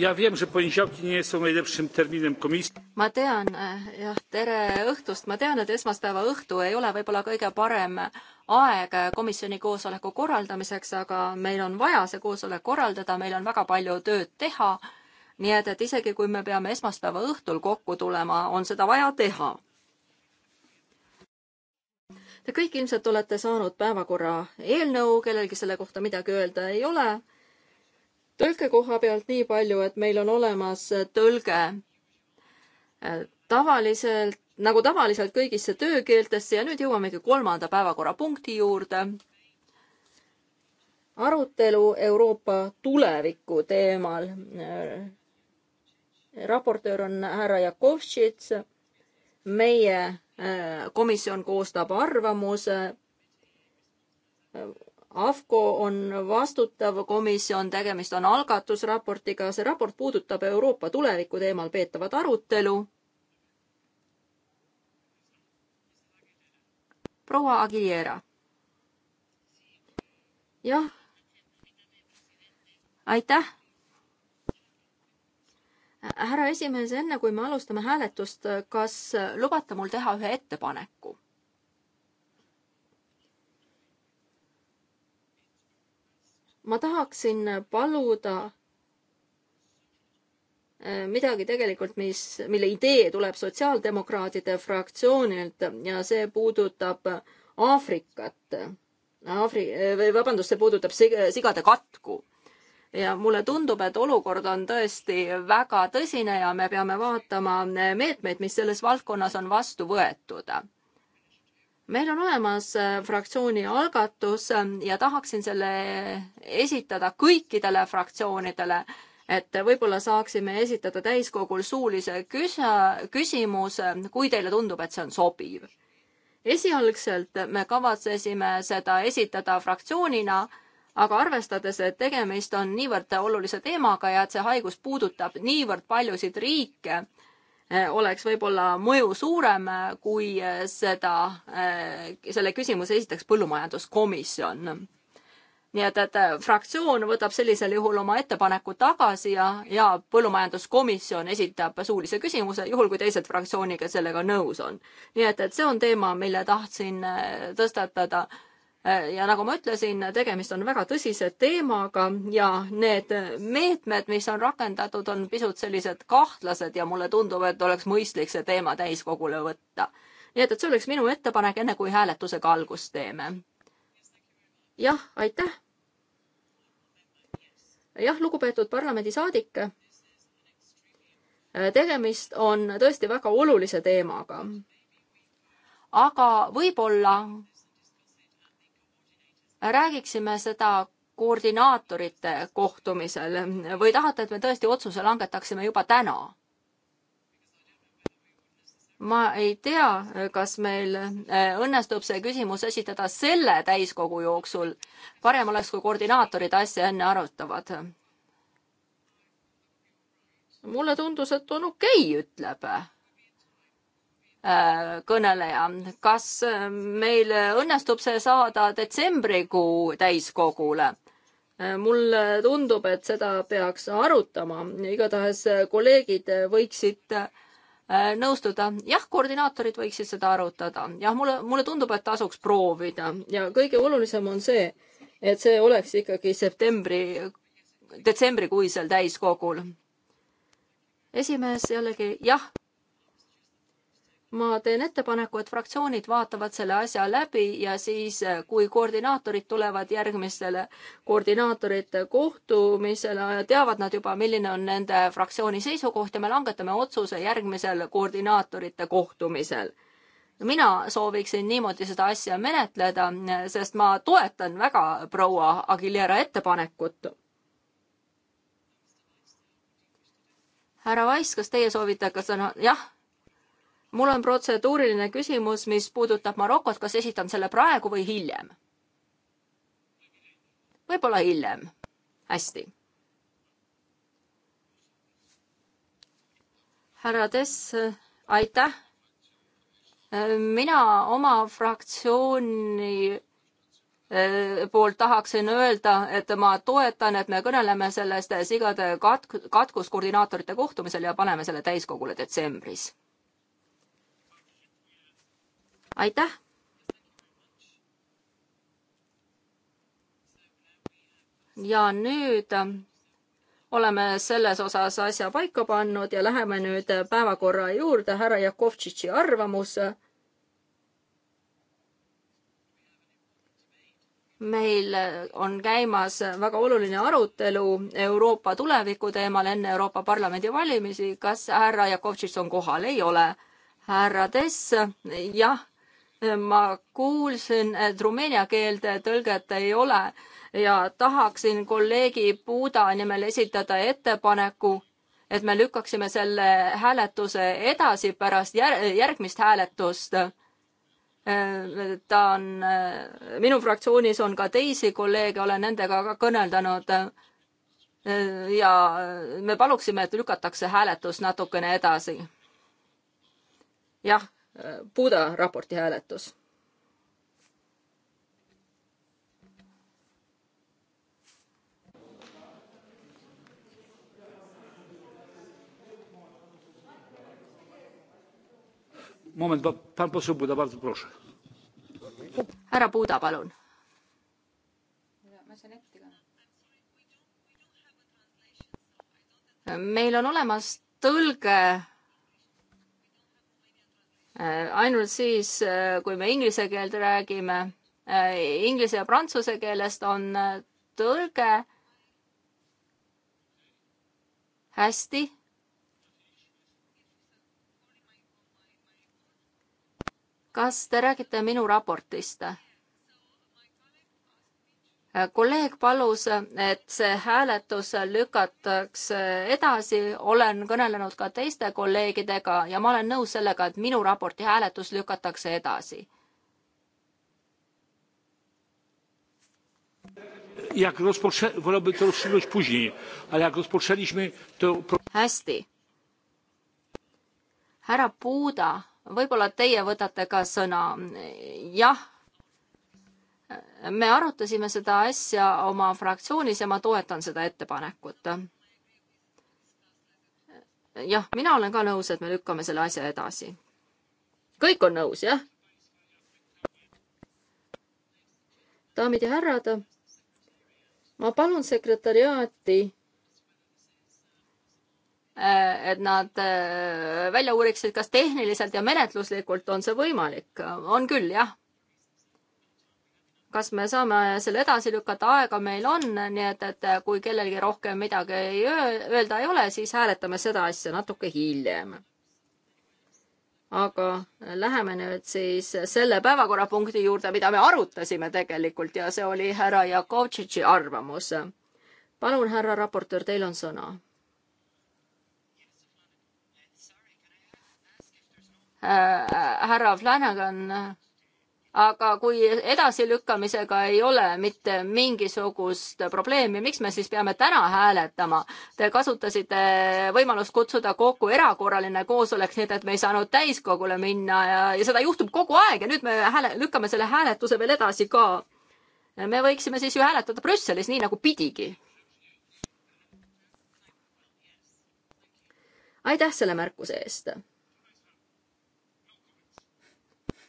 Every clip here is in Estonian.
ja wiem, że poniedziałki nie są najlepszym terminem komisji. ma tean eh, jah, tere õhtust, ma tean, et esmaspäeva õhtu ei ole võib-olla kõige parem aeg komisjoni koosoleku korraldamiseks, aga meil on vaja see koosolek korraldada, meil on väga palju tööd teha. nii et, et isegi kui me peame esmaspäeva õhtul kokku tulema, on seda vaja teha. Te kõik ilmselt olete saanud päevakorra eelnõu, kellelgi selle kohta midagi öelda ei ole tõlke koha pealt nii palju, et meil on olemas äh, tõlge äh, tavaliselt, nagu tavaliselt kõigisse töökeeltesse ja nüüd jõuamegi kolmanda päevakorrapunkti juurde. arutelu Euroopa tuleviku teemal. Äh, raportöör on härra Jakovtšits. meie komisjon koostab arvamuse AFCO on vastutav komisjon, tegemist on algatusraportiga, see raport puudutab Euroopa tuleviku teemal peetavat arutelu. proua Aguilera. jah. aitäh härra esimees, enne kui me alustame hääletust, kas lubate mul teha ühe ettepaneku? ma tahaksin paluda äh, midagi tegelikult, mis, mille idee tuleb sotsiaaldemokraatide fraktsioonilt ja see puudutab Aafrikat. Aafri-, äh, või vabandust, see puudutab sigade katku. ja mulle tundub, et olukord on tõesti väga tõsine ja me peame vaatama äh, meetmeid, mis selles valdkonnas on vastu võetud meil on olemas äh, fraktsiooni algatus äh, ja tahaksin selle esitada kõikidele fraktsioonidele, et võib-olla saaksime esitada täiskogul suulise küsa-, küsimuse, kui teile tundub, et see on sobiv. esialgselt me kavatsesime seda esitada fraktsioonina, aga arvestades, et tegemist on niivõrd olulise teemaga ja et see haigus puudutab niivõrd paljusid riike, Äh, oleks võib-olla mõju suurem, äh, kui äh, seda, selle küsimuse esitaks põllumajanduskomisjon. nii et, et fraktsioon võtab sellisel juhul oma ettepaneku tagasi ja, ja põllumajanduskomisjon esitab suulise küsimuse, juhul kui teised fraktsioonid sellega nõus on. nii et, et see on teema, mille tahtsin tõstatada Äh, ja nagu ma ütlesin, tegemist on väga tõsise teemaga ja need meetmed, mis on rakendatud, on pisut sellised kahtlased ja mulle tundub, et oleks mõistlik see teema täiskogule võtta. nii et, et see oleks minu ettepanek, enne kui hääletusega algust teeme. jah, aitäh. jah, lugupeetud parlamendisaadik. Äh, tegemist on tõesti väga olulise teemaga. aga võib-olla räägiksime seda koordinaatorite kohtumisel või tahate, et me tõesti otsuse langetaksime juba täna? ma ei tea, kas meil äh, õnnestub see küsimus esitada selle täiskogu jooksul. parem oleks, kui koordinaatorid asja enne arutavad. mulle tundus, et on okei okay,, ütleb Äh, kõneleja. kas äh, meil õnnestub see saada detsembrikuu täiskogule? Äh, mulle tundub, et seda peaks arutama, igatahes kolleegid võiksid nõustuda, jah, koordinaatorid võiksid seda arutada, jah, mulle, mulle tundub, et tasuks proovida ja kõige olulisem on see, et see oleks ikkagi septembri, detsembrikuisel täiskogul. esimees jällegi, jah ma teen ettepaneku, et fraktsioonid vaatavad selle asja läbi ja siis, eh, kui koordinaatorid tulevad järgmistele koordinaatorite kohtumisele, teavad nad juba, milline on nende fraktsiooni seisukoht ja me langetame otsuse järgmisel koordinaatorite kohtumisel. mina sooviksin niimoodi seda asja menetleda, sest ma toetan väga proua Aguilera ettepanekut härra Vais, kas teie soovite ka sõna? jah, mul on protseduuriline küsimus, mis puudutab Marokot, kas esitan selle praegu või hiljem? võib-olla hiljem. hästi. härra Tess, aitäh. mina oma fraktsiooni eh, poolt tahaksin öelda, et ma toetan, et me kõneleme sellest eh, sigade katk-, katkuskoordinaatorite kohtumisel ja paneme selle täiskogule detsembris aitäh! ja nüüd ähm, oleme selles osas asja paika pannud ja läheme nüüd päevakorra juurde, härra Jakovtšitši arvamus. meil on käimas väga oluline arutelu Euroopa tuleviku teemal enne Euroopa Parlamendi valimisi. kas härra Jakovtšitš on kohal? ei ole. härra Tess, jah ma kuulsin, et rumeenia keelde tõlget ei ole ja tahaksin kolleegi Puuda nimel esitada ettepaneku, et me lükkaksime selle hääletuse edasi pärast jär järgmist hääletust. Äh, ta on, äh, minu fraktsioonis on ka teisi kolleege, olen nendega ka kõneldanud. Äh, ja me paluksime, et lükatakse hääletus natukene edasi. jah Buda raporti hääletus. moment, pan poseł Buda, bardzo proszę. härra Buda, palun. meil on olemas tõlge Äh, ainult siis, äh, kui me inglise keelt räägime, äh, inglise ja prantsuse keelest on tõlge hästi kas te räägite minu raportist? kolleeg palus, et see hääletus lükatakse edasi, olen kõnelenud ka teiste kolleegidega ja ma olen nõus sellega, et minu raporti hääletus lükatakse edasi. hästi. härra Puuda, võib-olla teie võtate ka sõna. jah me arutasime seda asja oma fraktsioonis ja ma toetan seda ettepanekut. jah, mina olen ka nõus, et me lükkame selle asja edasi. kõik on nõus, jah? daamid ja härrad, ma palun sekretäriaati et nad äh, välja uuriksid, kas tehniliselt ja menetluslikult on see võimalik. on küll, jah kas me saame selle edasi lükata, aega meil on, nii et, et kui kellelgi rohkem midagi ei öelda ei ole, siis hääletame seda asja natuke hiljem. aga läheme nüüd siis selle päevakorrapunkti juurde, mida me arutasime tegelikult ja see oli härra Jakovtšitši arvamus. palun, härra raportöör, teil on sõna. Äh, äh, härra Flanagan aga kui edasilükkamisega ei ole mitte mingisugust probleemi, miks me siis peame täna hääletama? Te kasutasite võimalust kutsuda kokku erakorraline koosolek, nii et me ei saanud täiskogule minna ja, ja seda juhtub kogu aeg ja nüüd me hääle, lükkame selle hääletuse veel edasi ka. me võiksime siis ju hääletada Brüsselis, nii nagu pidigi. aitäh selle märkuse eest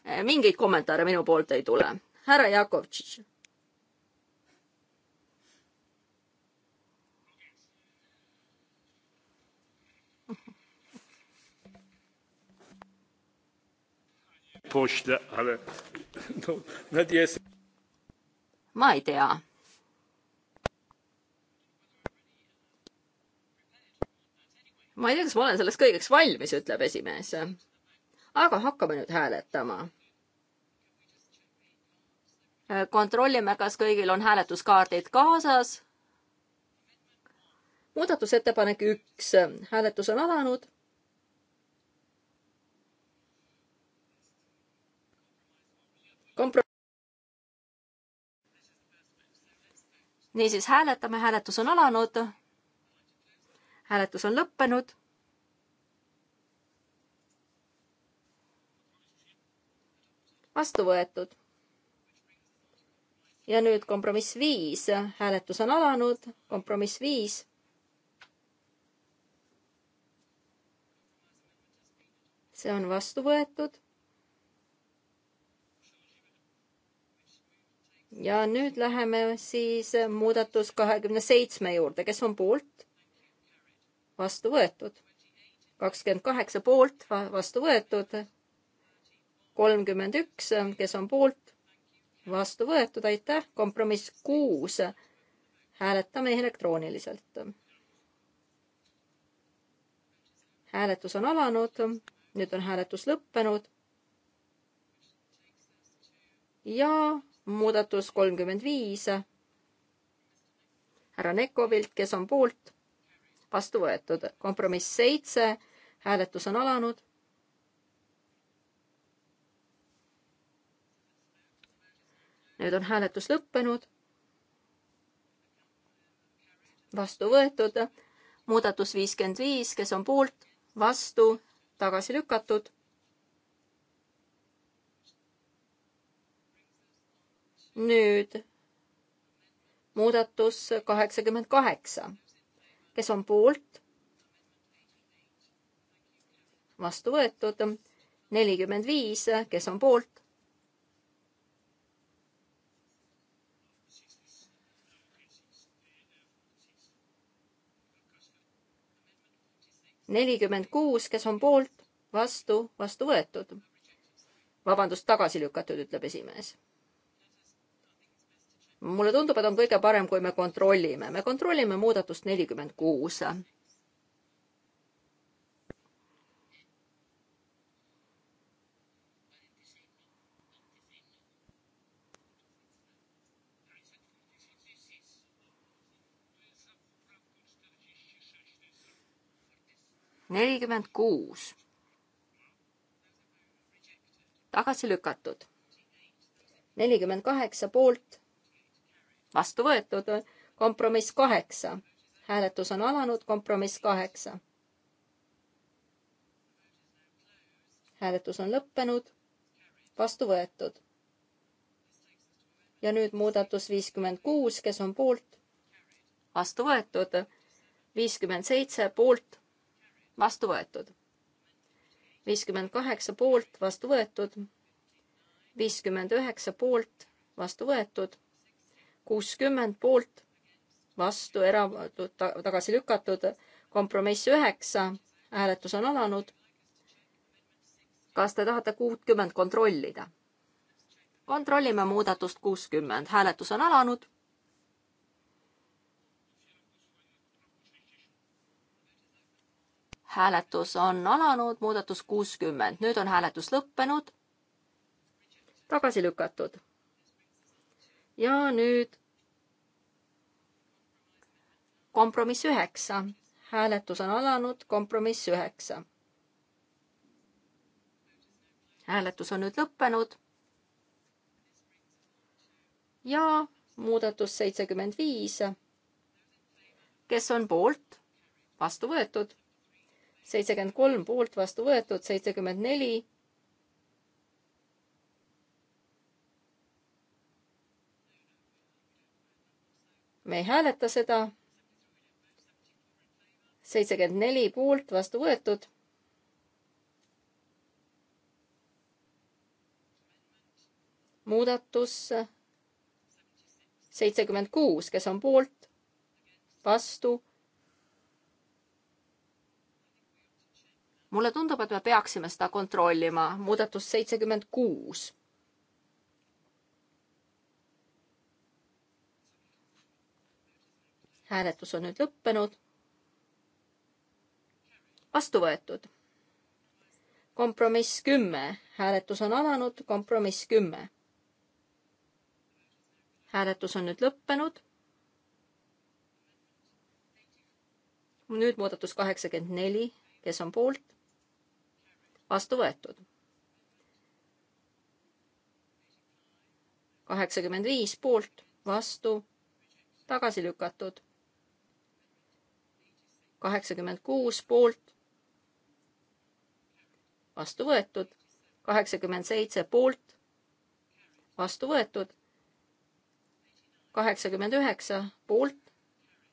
Eh, mingeid kommentaare minu poolt ei tule. härra Jakovtšitš. pośle, ale no, nad jest. Ma ei tea. ma ei tea, kas ma olen selleks kõigeks valmis, ütleb esimees aga hakkame nüüd hääletama. Äh, kontrollime, kas kõigil on hääletuskaardid kaasas. muudatusettepanek üks, hääletus on alanud kompro-. niisiis hääletame, hääletus on alanud. hääletus on lõppenud. vastu võetud. ja nüüd kompromiss viis, hääletus on alanud, kompromiss viis. see on vastu võetud. ja nüüd läheme siis muudatus kahekümne seitsme juurde, kes on poolt? vastu võetud. kakskümmend kaheksa poolt, vastu võetud kolmkümmend üks, kes on poolt, vastu võetud, aitäh, kompromiss kuus. hääletame elektrooniliselt. hääletus on alanud, nüüd on hääletus lõppenud. ja muudatus kolmkümmend viis härra Nekovilt, kes on poolt, vastu võetud. kompromiss seitse, hääletus on alanud. nüüd on hääletus lõppenud. vastu võetud, muudatus viiskümmend viis, kes on poolt, vastu, tagasi lükatud. nüüd muudatus kaheksakümmend kaheksa, kes on poolt, vastu võetud, nelikümmend viis, kes on poolt nelikümmend kuus, kes on poolt, vastu, vastu võetud. vabandust, tagasi lükatud, ütleb esimees. mulle tundub, et on kõige parem, kui me kontrollime. me kontrollime muudatust nelikümmend kuus nelikümmend kuus. tagasi lükatud. nelikümmend kaheksa poolt, vastu võetud, kompromiss kaheksa. hääletus on alanud, kompromiss kaheksa. hääletus on lõppenud, vastu võetud. ja nüüd muudatus viiskümmend kuus, kes on poolt, vastu võetud, viiskümmend seitse poolt vastu võetud. viiskümmend kaheksa poolt, vastu võetud. viiskümmend üheksa poolt, vastu võetud. kuuskümmend poolt, vastu, erapooletud, tagasi lükatud. kompromiss üheksa, hääletus on alanud. kas te tahate kuutkümmend kontrollida? kontrollime muudatust kuuskümmend, hääletus on alanud hääletus on alanud, muudatus kuuskümmend, nüüd on hääletus lõppenud. tagasi lükatud. ja nüüd kompromiss üheksa, hääletus on alanud, kompromiss üheksa. hääletus on nüüd lõppenud. ja muudatus seitsekümmend viis. kes on poolt? vastu võetud seitsekümmend kolm poolt vastu võetud, seitsekümmend neli me ei hääleta seda. seitsekümmend neli poolt vastu võetud. muudatus seitsekümmend kuus, kes on poolt, vastu, mulle tundub, et me peaksime seda kontrollima, muudatus seitsekümmend kuus. hääletus on nüüd lõppenud. vastu võetud. kompromiss kümme, hääletus on alanud, kompromiss kümme. hääletus on nüüd lõppenud nüüd muudatus kaheksakümmend neli, kes on poolt, vastu võetud. kaheksakümmend viis poolt, vastu, tagasi lükatud. kaheksakümmend kuus poolt, vastu võetud. kaheksakümmend seitse poolt, vastu võetud. kaheksakümmend üheksa poolt,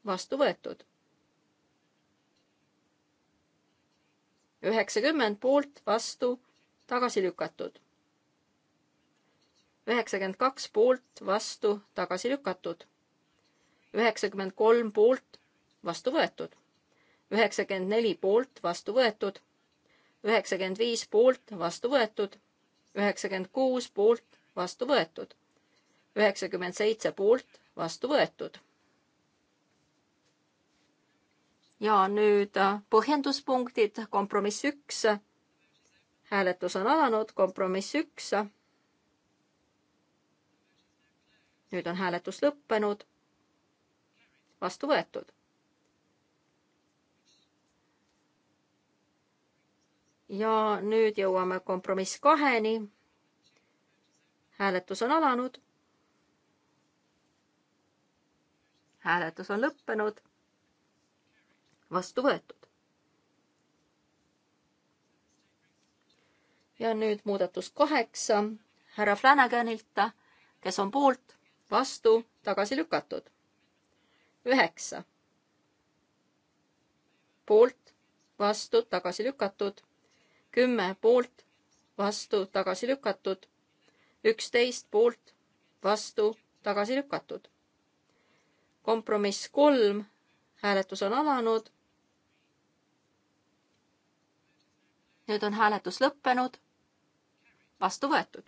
vastu võetud üheksakümmend poolt, vastu, tagasi lükatud. üheksakümmend kaks poolt, vastu, tagasi lükatud. üheksakümmend kolm poolt, vastu võetud. üheksakümmend neli poolt, vastu võetud. üheksakümmend viis poolt, vastu võetud. üheksakümmend kuus poolt, vastu võetud. üheksakümmend seitse poolt, vastu võetud ja nüüd äh, põhjenduspunktid, kompromiss üks. hääletus on alanud, kompromiss üks. nüüd on hääletus lõppenud. vastu võetud. ja nüüd jõuame kompromiss kaheni. hääletus on alanud. hääletus on lõppenud vastu võetud. ja nüüd muudatus kaheksa härra Flanaganilt, kes on poolt, vastu, tagasi lükatud. üheksa. poolt, vastu, tagasi lükatud. kümme poolt, vastu, tagasi lükatud. üksteist poolt, vastu, tagasi lükatud. kompromiss kolm, hääletus on alanud nüüd on hääletus lõppenud. vastu võetud.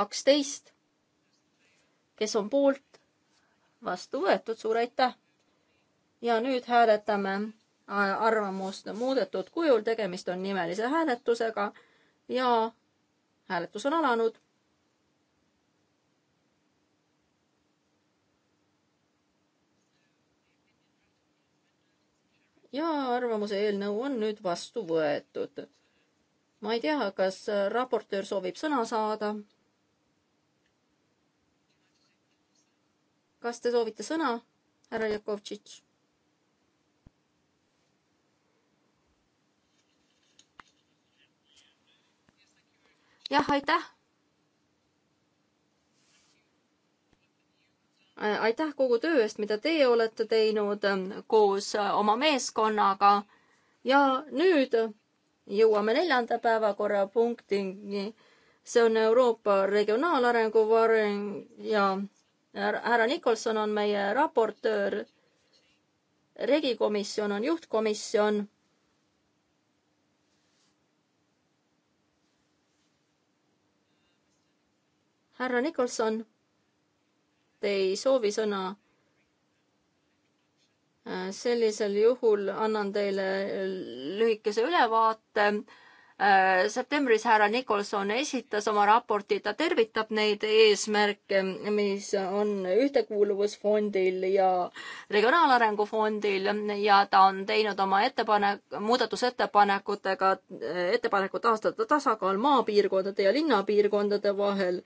kaksteist. kes on poolt? vastu võetud, suur aitäh. ja nüüd hääletame arvamust muudetud kujul, tegemist on nimelise hääletusega ja hääletus on alanud ja arvamuse eelnõu on nüüd vastu võetud. ma ei tea, kas raportöör soovib sõna saada. kas te soovite sõna, härra Jakovtšitš? jah, aitäh Äh, aitäh kogu töö eest, mida teie olete teinud ähm, koos äh, oma meeskonnaga. ja nüüd jõuame neljanda päevakorrapunktini. see on Euroopa Regionaalarengu vareng ja härra Nikolson on meie raportöör. regikomisjon on juhtkomisjon härra Nicholson te ei soovi sõna, äh, sellisel juhul annan teile lühikese ülevaate. Äh, septembris härra Nikolson esitas oma raporti, ta tervitab neid eesmärke, mis on Ühtekuuluvusfondil ja Regionaalarengu fondil ja ta on teinud oma ettepanek, muudatusettepanekutega ettepaneku taastada tasakaal maapiirkondade ja linnapiirkondade vahel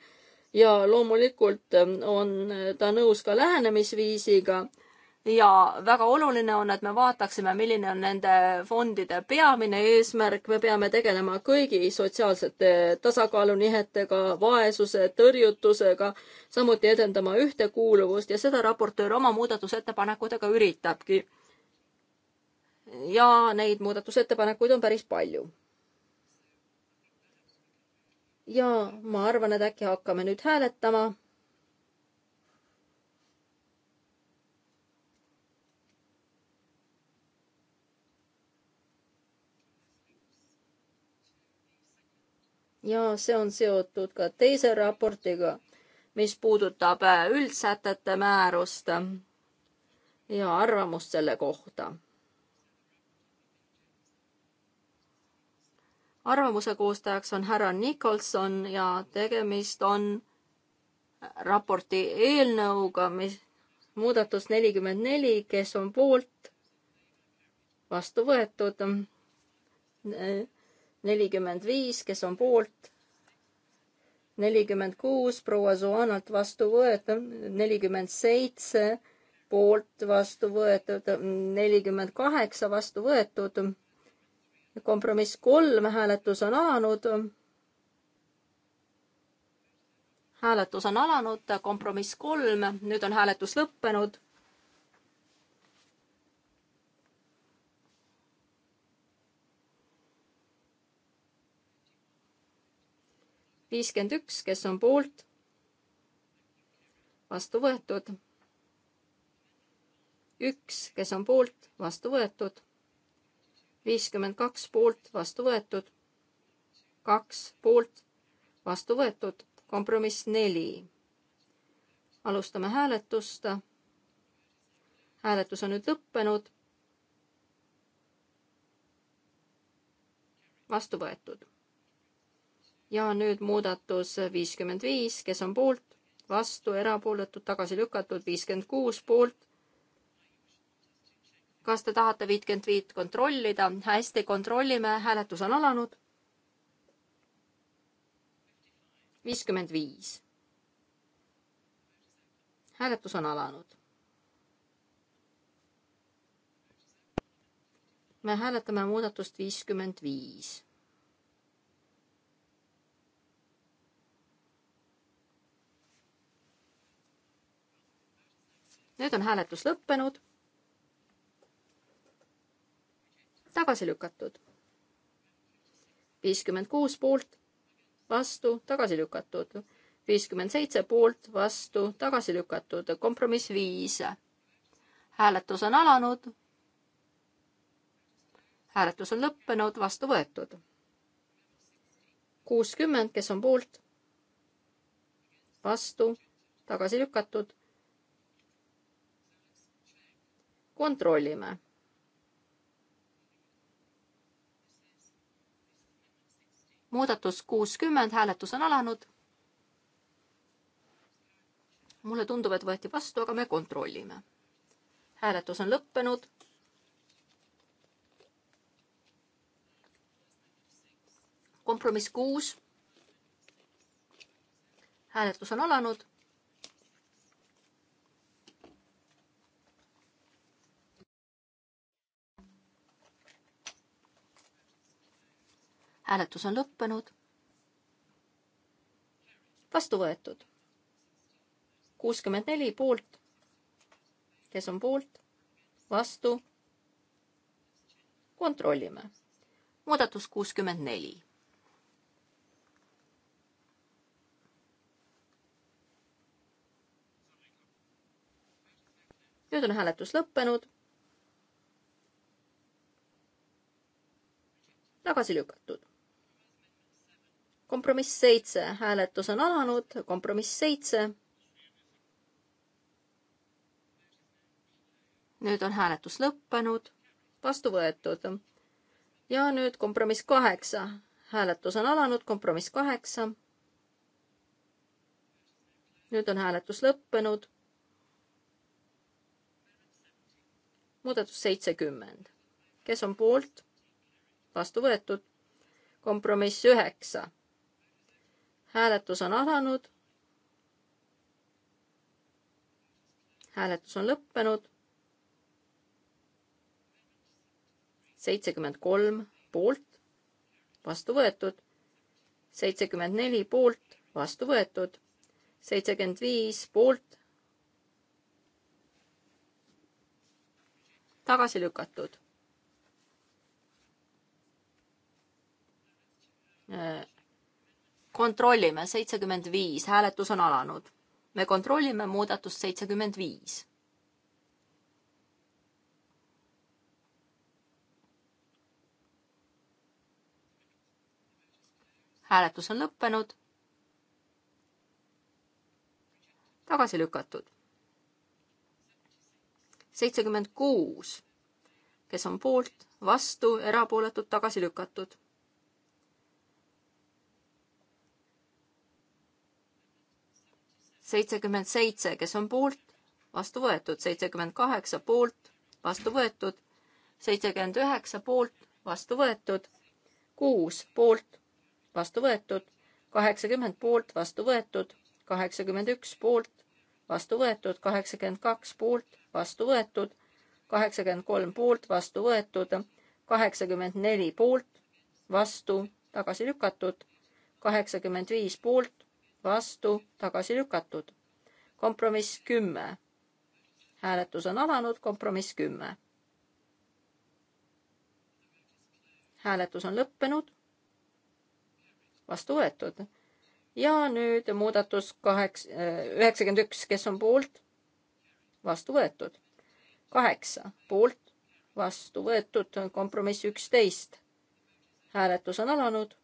ja loomulikult ähm, on äh, ta nõus ka lähenemisviisiga ja väga oluline on, et me vaataksime, milline on nende fondide peamine eesmärk, me peame tegelema kõigi sotsiaalsete äh, tasakaalunihetega, vaesuse tõrjutusega, samuti edendama ühtekuuluvust ja seda raportöör oma muudatusettepanekutega üritabki. ja neid muudatusettepanekuid on päris palju ja ma arvan, et äkki hakkame nüüd hääletama. ja see on seotud ka teise raportiga, mis puudutab äh, üldsätete määrust ja arvamust selle kohta arvamuse koostajaks on härra Nicholson ja tegemist on raporti eelnõuga, mis muudatus nelikümmend neli, kes on poolt, vastu võetud. nelikümmend viis, kes on poolt, nelikümmend kuus, proua Zoanalt vastu võetud, nelikümmend seitse poolt vastu võetud, nelikümmend kaheksa vastu võetud kompromiss kolm, hääletus on alanud. hääletus on alanud, kompromiss kolm, nüüd on hääletus lõppenud. viiskümmend üks, kes on poolt, vastu võetud. üks, kes on poolt, vastu võetud viiskümmend kaks poolt vastu võetud, kaks poolt vastu võetud, kompromiss neli. alustame hääletust. hääletus on nüüd lõppenud. vastu võetud. ja nüüd muudatus viiskümmend viis, kes on poolt, vastu, erapooletud, tagasi lükatud, viiskümmend kuus poolt kas te tahate viitkümmend viit kontrollida? hästi, kontrollime, hääletus on alanud. viiskümmend viis. hääletus on alanud. me hääletame muudatust viiskümmend viis. nüüd on hääletus lõppenud tagasi lükatud. viiskümmend kuus poolt, vastu, tagasi lükatud. viiskümmend seitse poolt, vastu, tagasi lükatud. kompromiss viis. hääletus on alanud. hääletus on lõppenud, vastu võetud. kuuskümmend, kes on poolt, vastu, tagasi lükatud kontrollime. muudatus kuuskümmend, hääletus on alanud. mulle tundub, et võeti vastu, aga me kontrollime. hääletus on lõppenud. kompromiss kuus. hääletus on alanud hääletus on lõppenud. vastu võetud. kuuskümmend neli poolt. kes on poolt? vastu. kontrollime. muudatus kuuskümmend neli. nüüd on hääletus lõppenud. tagasi lükatud kompromiss seitse, hääletus on alanud, kompromiss seitse. nüüd on hääletus lõppenud, vastu võetud. ja nüüd kompromiss kaheksa, hääletus on alanud, kompromiss kaheksa. nüüd on hääletus lõppenud. muudatus seitsekümmend, kes on poolt, vastu võetud. kompromiss üheksa hääletus on alanud. hääletus on lõppenud. seitsekümmend kolm poolt, vastu võetud. seitsekümmend neli poolt, vastu võetud. seitsekümmend viis poolt. tagasi lükatud kontrollime, seitsekümmend viis, hääletus on alanud. me kontrollime muudatust seitsekümmend viis. hääletus on lõppenud. tagasi lükatud. seitsekümmend kuus, kes on poolt, vastu, erapooletud, tagasi lükatud seitsekümmend seitse, kes on poolt, vastu võetud, seitsekümmend kaheksa poolt, vastu võetud, seitsekümmend üheksa poolt, vastu võetud, kuus poolt, vastu võetud, kaheksakümmend poolt, vastu võetud, kaheksakümmend üks poolt, vastu võetud, kaheksakümmend kaks poolt, vastu võetud, kaheksakümmend kolm poolt, vastu võetud, kaheksakümmend neli poolt, vastu, tagasi lükatud, kaheksakümmend viis poolt, vastu, tagasi lükatud. kompromiss kümme. hääletus on alanud, kompromiss kümme. hääletus on lõppenud, vastu võetud. ja nüüd muudatus kaheks-, äh, üheksakümmend üks, kes on poolt, vastu võetud. kaheksa poolt, vastu võetud, kompromiss üksteist. hääletus on alanud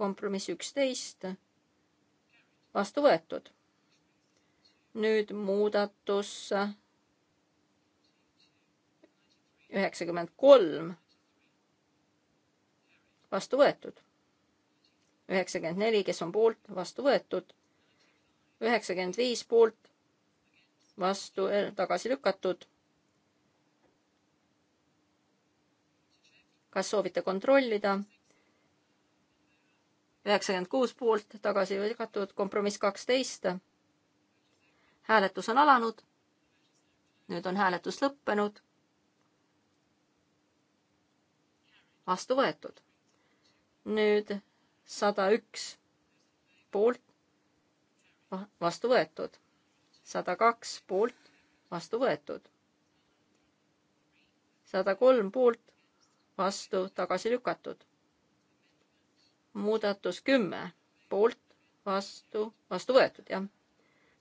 kompromiss üksteist, vastu võetud. nüüd muudatus üheksakümmend kolm, vastu võetud. üheksakümmend neli, kes on poolt, vastu võetud. üheksakümmend viis poolt, vastu, eh, tagasi lükatud. kas soovite kontrollida? üheksakümmend kuus poolt, tagasi lükatud, kompromiss kaksteist. hääletus on alanud. nüüd on hääletus lõppenud. vastu võetud. nüüd sada üks poolt, vastu võetud. sada kaks poolt, vastu võetud. sada kolm poolt, vastu tagasi lükatud muudatus kümme poolt, vastu, vastu võetud, jah.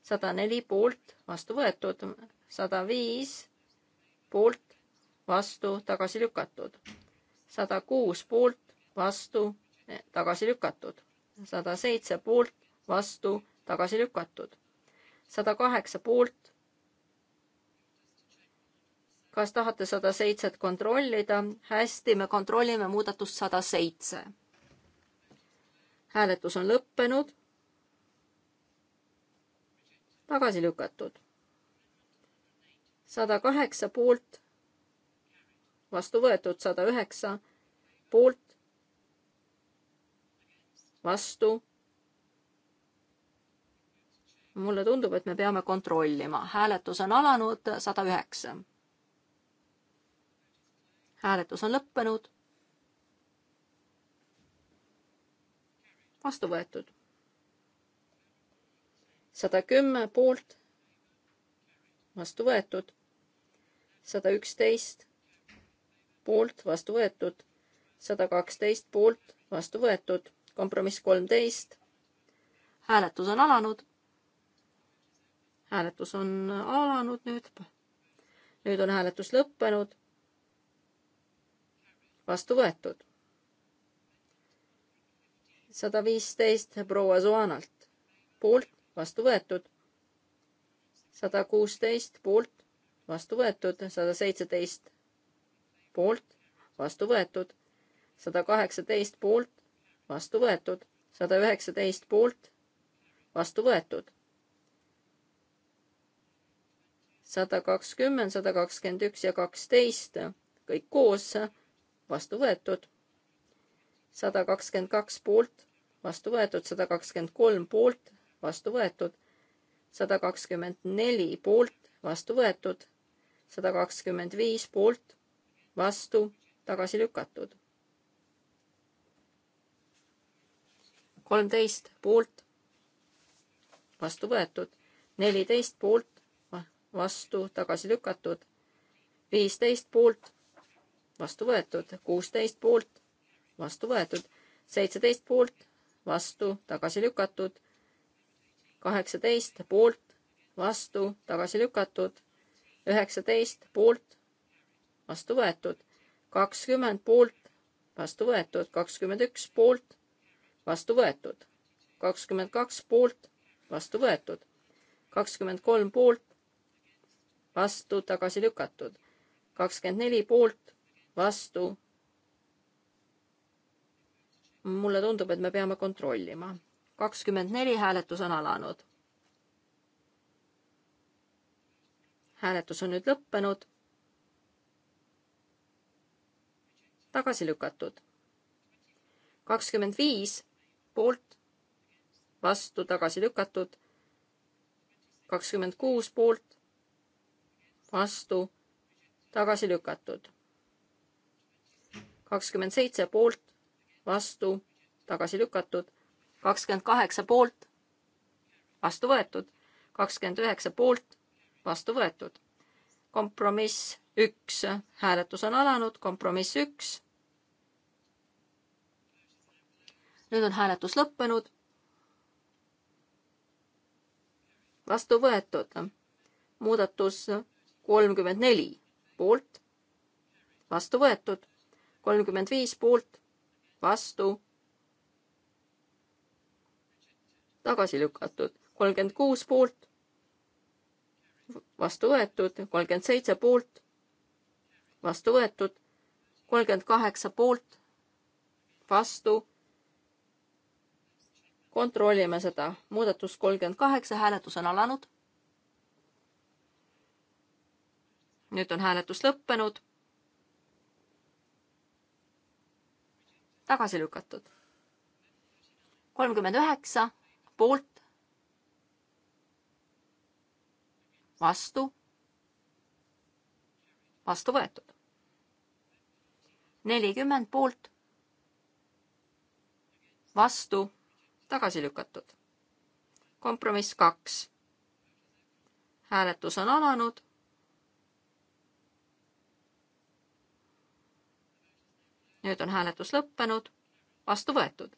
sada neli poolt, vastu võetud, sada viis poolt, vastu, tagasi lükatud. sada kuus poolt, vastu, tagasi lükatud. sada seitse poolt, vastu, tagasi lükatud. sada kaheksa poolt. kas tahate sada seitset kontrollida? hästi, me kontrollime muudatust sada seitse hääletus on lõppenud. tagasi lükatud. sada kaheksa poolt, vastu võetud sada üheksa poolt, vastu. mulle tundub, et me peame kontrollima, hääletus on alanud sada üheksa. hääletus on lõppenud vastu võetud. sada kümme poolt, vastu võetud. sada üksteist poolt, vastu võetud. sada kaksteist poolt, vastu võetud. kompromiss kolmteist. hääletus on alanud. hääletus on alanud nüüd. nüüd on hääletus lõppenud. vastu võetud sada viisteist proua Zoanalt, poolt, vastu võetud. sada kuusteist poolt, vastu võetud, sada seitseteist poolt, vastu võetud, sada kaheksateist poolt, vastu võetud, sada üheksateist poolt, vastu võetud sada kakskümmend, sada kakskümmend üks ja kaksteist, kõik koos vastu võetud. sada kakskümmend kaks poolt, vastu võetud, sada kakskümmend kolm poolt, vastu võetud, sada kakskümmend neli poolt, vastu võetud, sada kakskümmend viis poolt, vastu, tagasi lükatud. kolmteist poolt, vastu võetud, neliteist poolt, vastu, tagasi lükatud, viisteist poolt, vastu võetud, kuusteist poolt, vastu võetud, seitseteist poolt, vastu, tagasi lükatud. kaheksateist poolt, vastu, tagasi lükatud. üheksateist poolt, vastu võetud. kakskümmend poolt, vastu võetud. kakskümmend üks poolt, vastu võetud. kakskümmend kaks poolt, vastu võetud. kakskümmend kolm poolt, vastu, tagasi lükatud. kakskümmend neli poolt, vastu, mulle tundub, et me peame kontrollima. kakskümmend neli hääletus on alanud. hääletus on nüüd lõppenud. tagasi lükatud. kakskümmend viis poolt, vastu, tagasi lükatud. kakskümmend kuus poolt, vastu, tagasi lükatud. kakskümmend seitse poolt, vastu, tagasi lükatud, kakskümmend kaheksa poolt, vastu võetud, kakskümmend üheksa poolt, vastu võetud. kompromiss üks, hääletus on alanud, kompromiss üks. nüüd on hääletus lõppenud. vastu võetud, muudatus kolmkümmend neli poolt, vastu võetud, kolmkümmend viis poolt, vastu, tagasi lükatud, kolmkümmend kuus poolt, vastu võetud, kolmkümmend seitse poolt, vastu võetud, kolmkümmend kaheksa poolt, vastu. kontrollime seda, muudatus kolmkümmend kaheksa, hääletus on alanud. nüüd on hääletus lõppenud tagasi lükatud. kolmkümmend üheksa poolt, vastu, vastu võetud. nelikümmend poolt, vastu, tagasi lükatud. kompromiss kaks. hääletus on alanud nüüd on hääletus lõppenud, vastu võetud.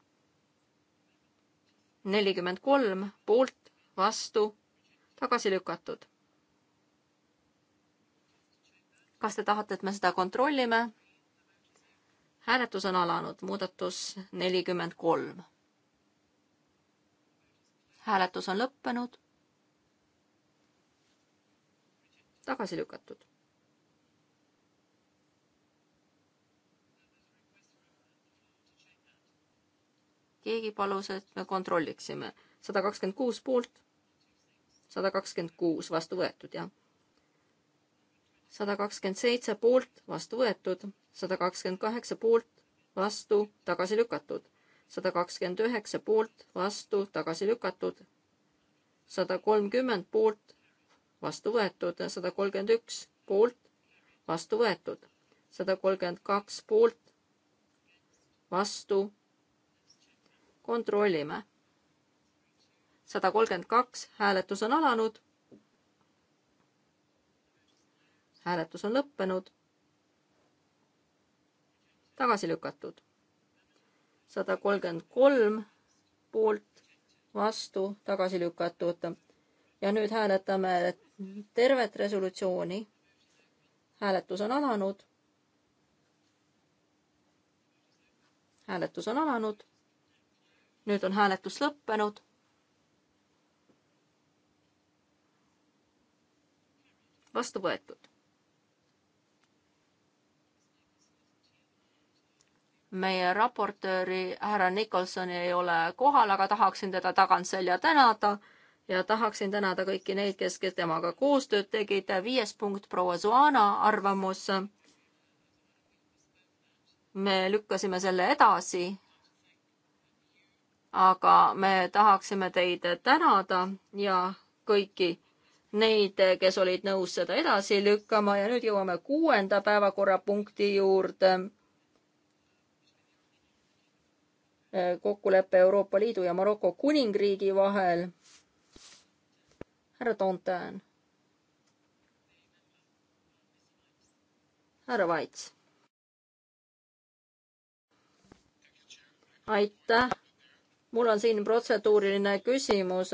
nelikümmend kolm poolt, vastu, tagasi lükatud. kas te tahate, et me seda kontrollime? hääletus on alanud, muudatus nelikümmend kolm. hääletus on lõppenud. tagasi lükatud keegi palus, et me kontrolliksime. sada kakskümmend kuus poolt, sada kakskümmend kuus vastu võetud, jah. sada kakskümmend seitse poolt, vastu võetud, sada kakskümmend kaheksa poolt, vastu, tagasi lükatud, sada kakskümmend üheksa poolt, vastu, tagasi lükatud, sada kolmkümmend poolt, vastu võetud, sada kolmkümmend üks poolt, vastu võetud, sada kolmkümmend kaks poolt, vastu kontrollime. sada kolmkümmend kaks, hääletus on alanud. hääletus on lõppenud. tagasi lükatud. sada kolmkümmend kolm poolt, vastu, tagasi lükatud. ja nüüd hääletame tervet resolutsiooni. hääletus on alanud hääletus on alanud nüüd on hääletus lõppenud. vastu võetud. meie raportööri härra Nikolsoni ei ole kohal, aga tahaksin teda tagantselja tänada ja tahaksin tänada kõiki neid, kes, kes temaga koostööd tegid. viies punkt, proua Zuana arvamus. me lükkasime selle edasi aga me tahaksime teid tänada ja kõiki neid, kes olid nõus seda edasi lükkama ja nüüd jõuame kuuenda päevakorrapunkti juurde. kokkulepe Euroopa Liidu ja Maroko Kuningriigi vahel. härra Tontään. härra Vaits. aitäh mul on siin protseduuriline küsimus.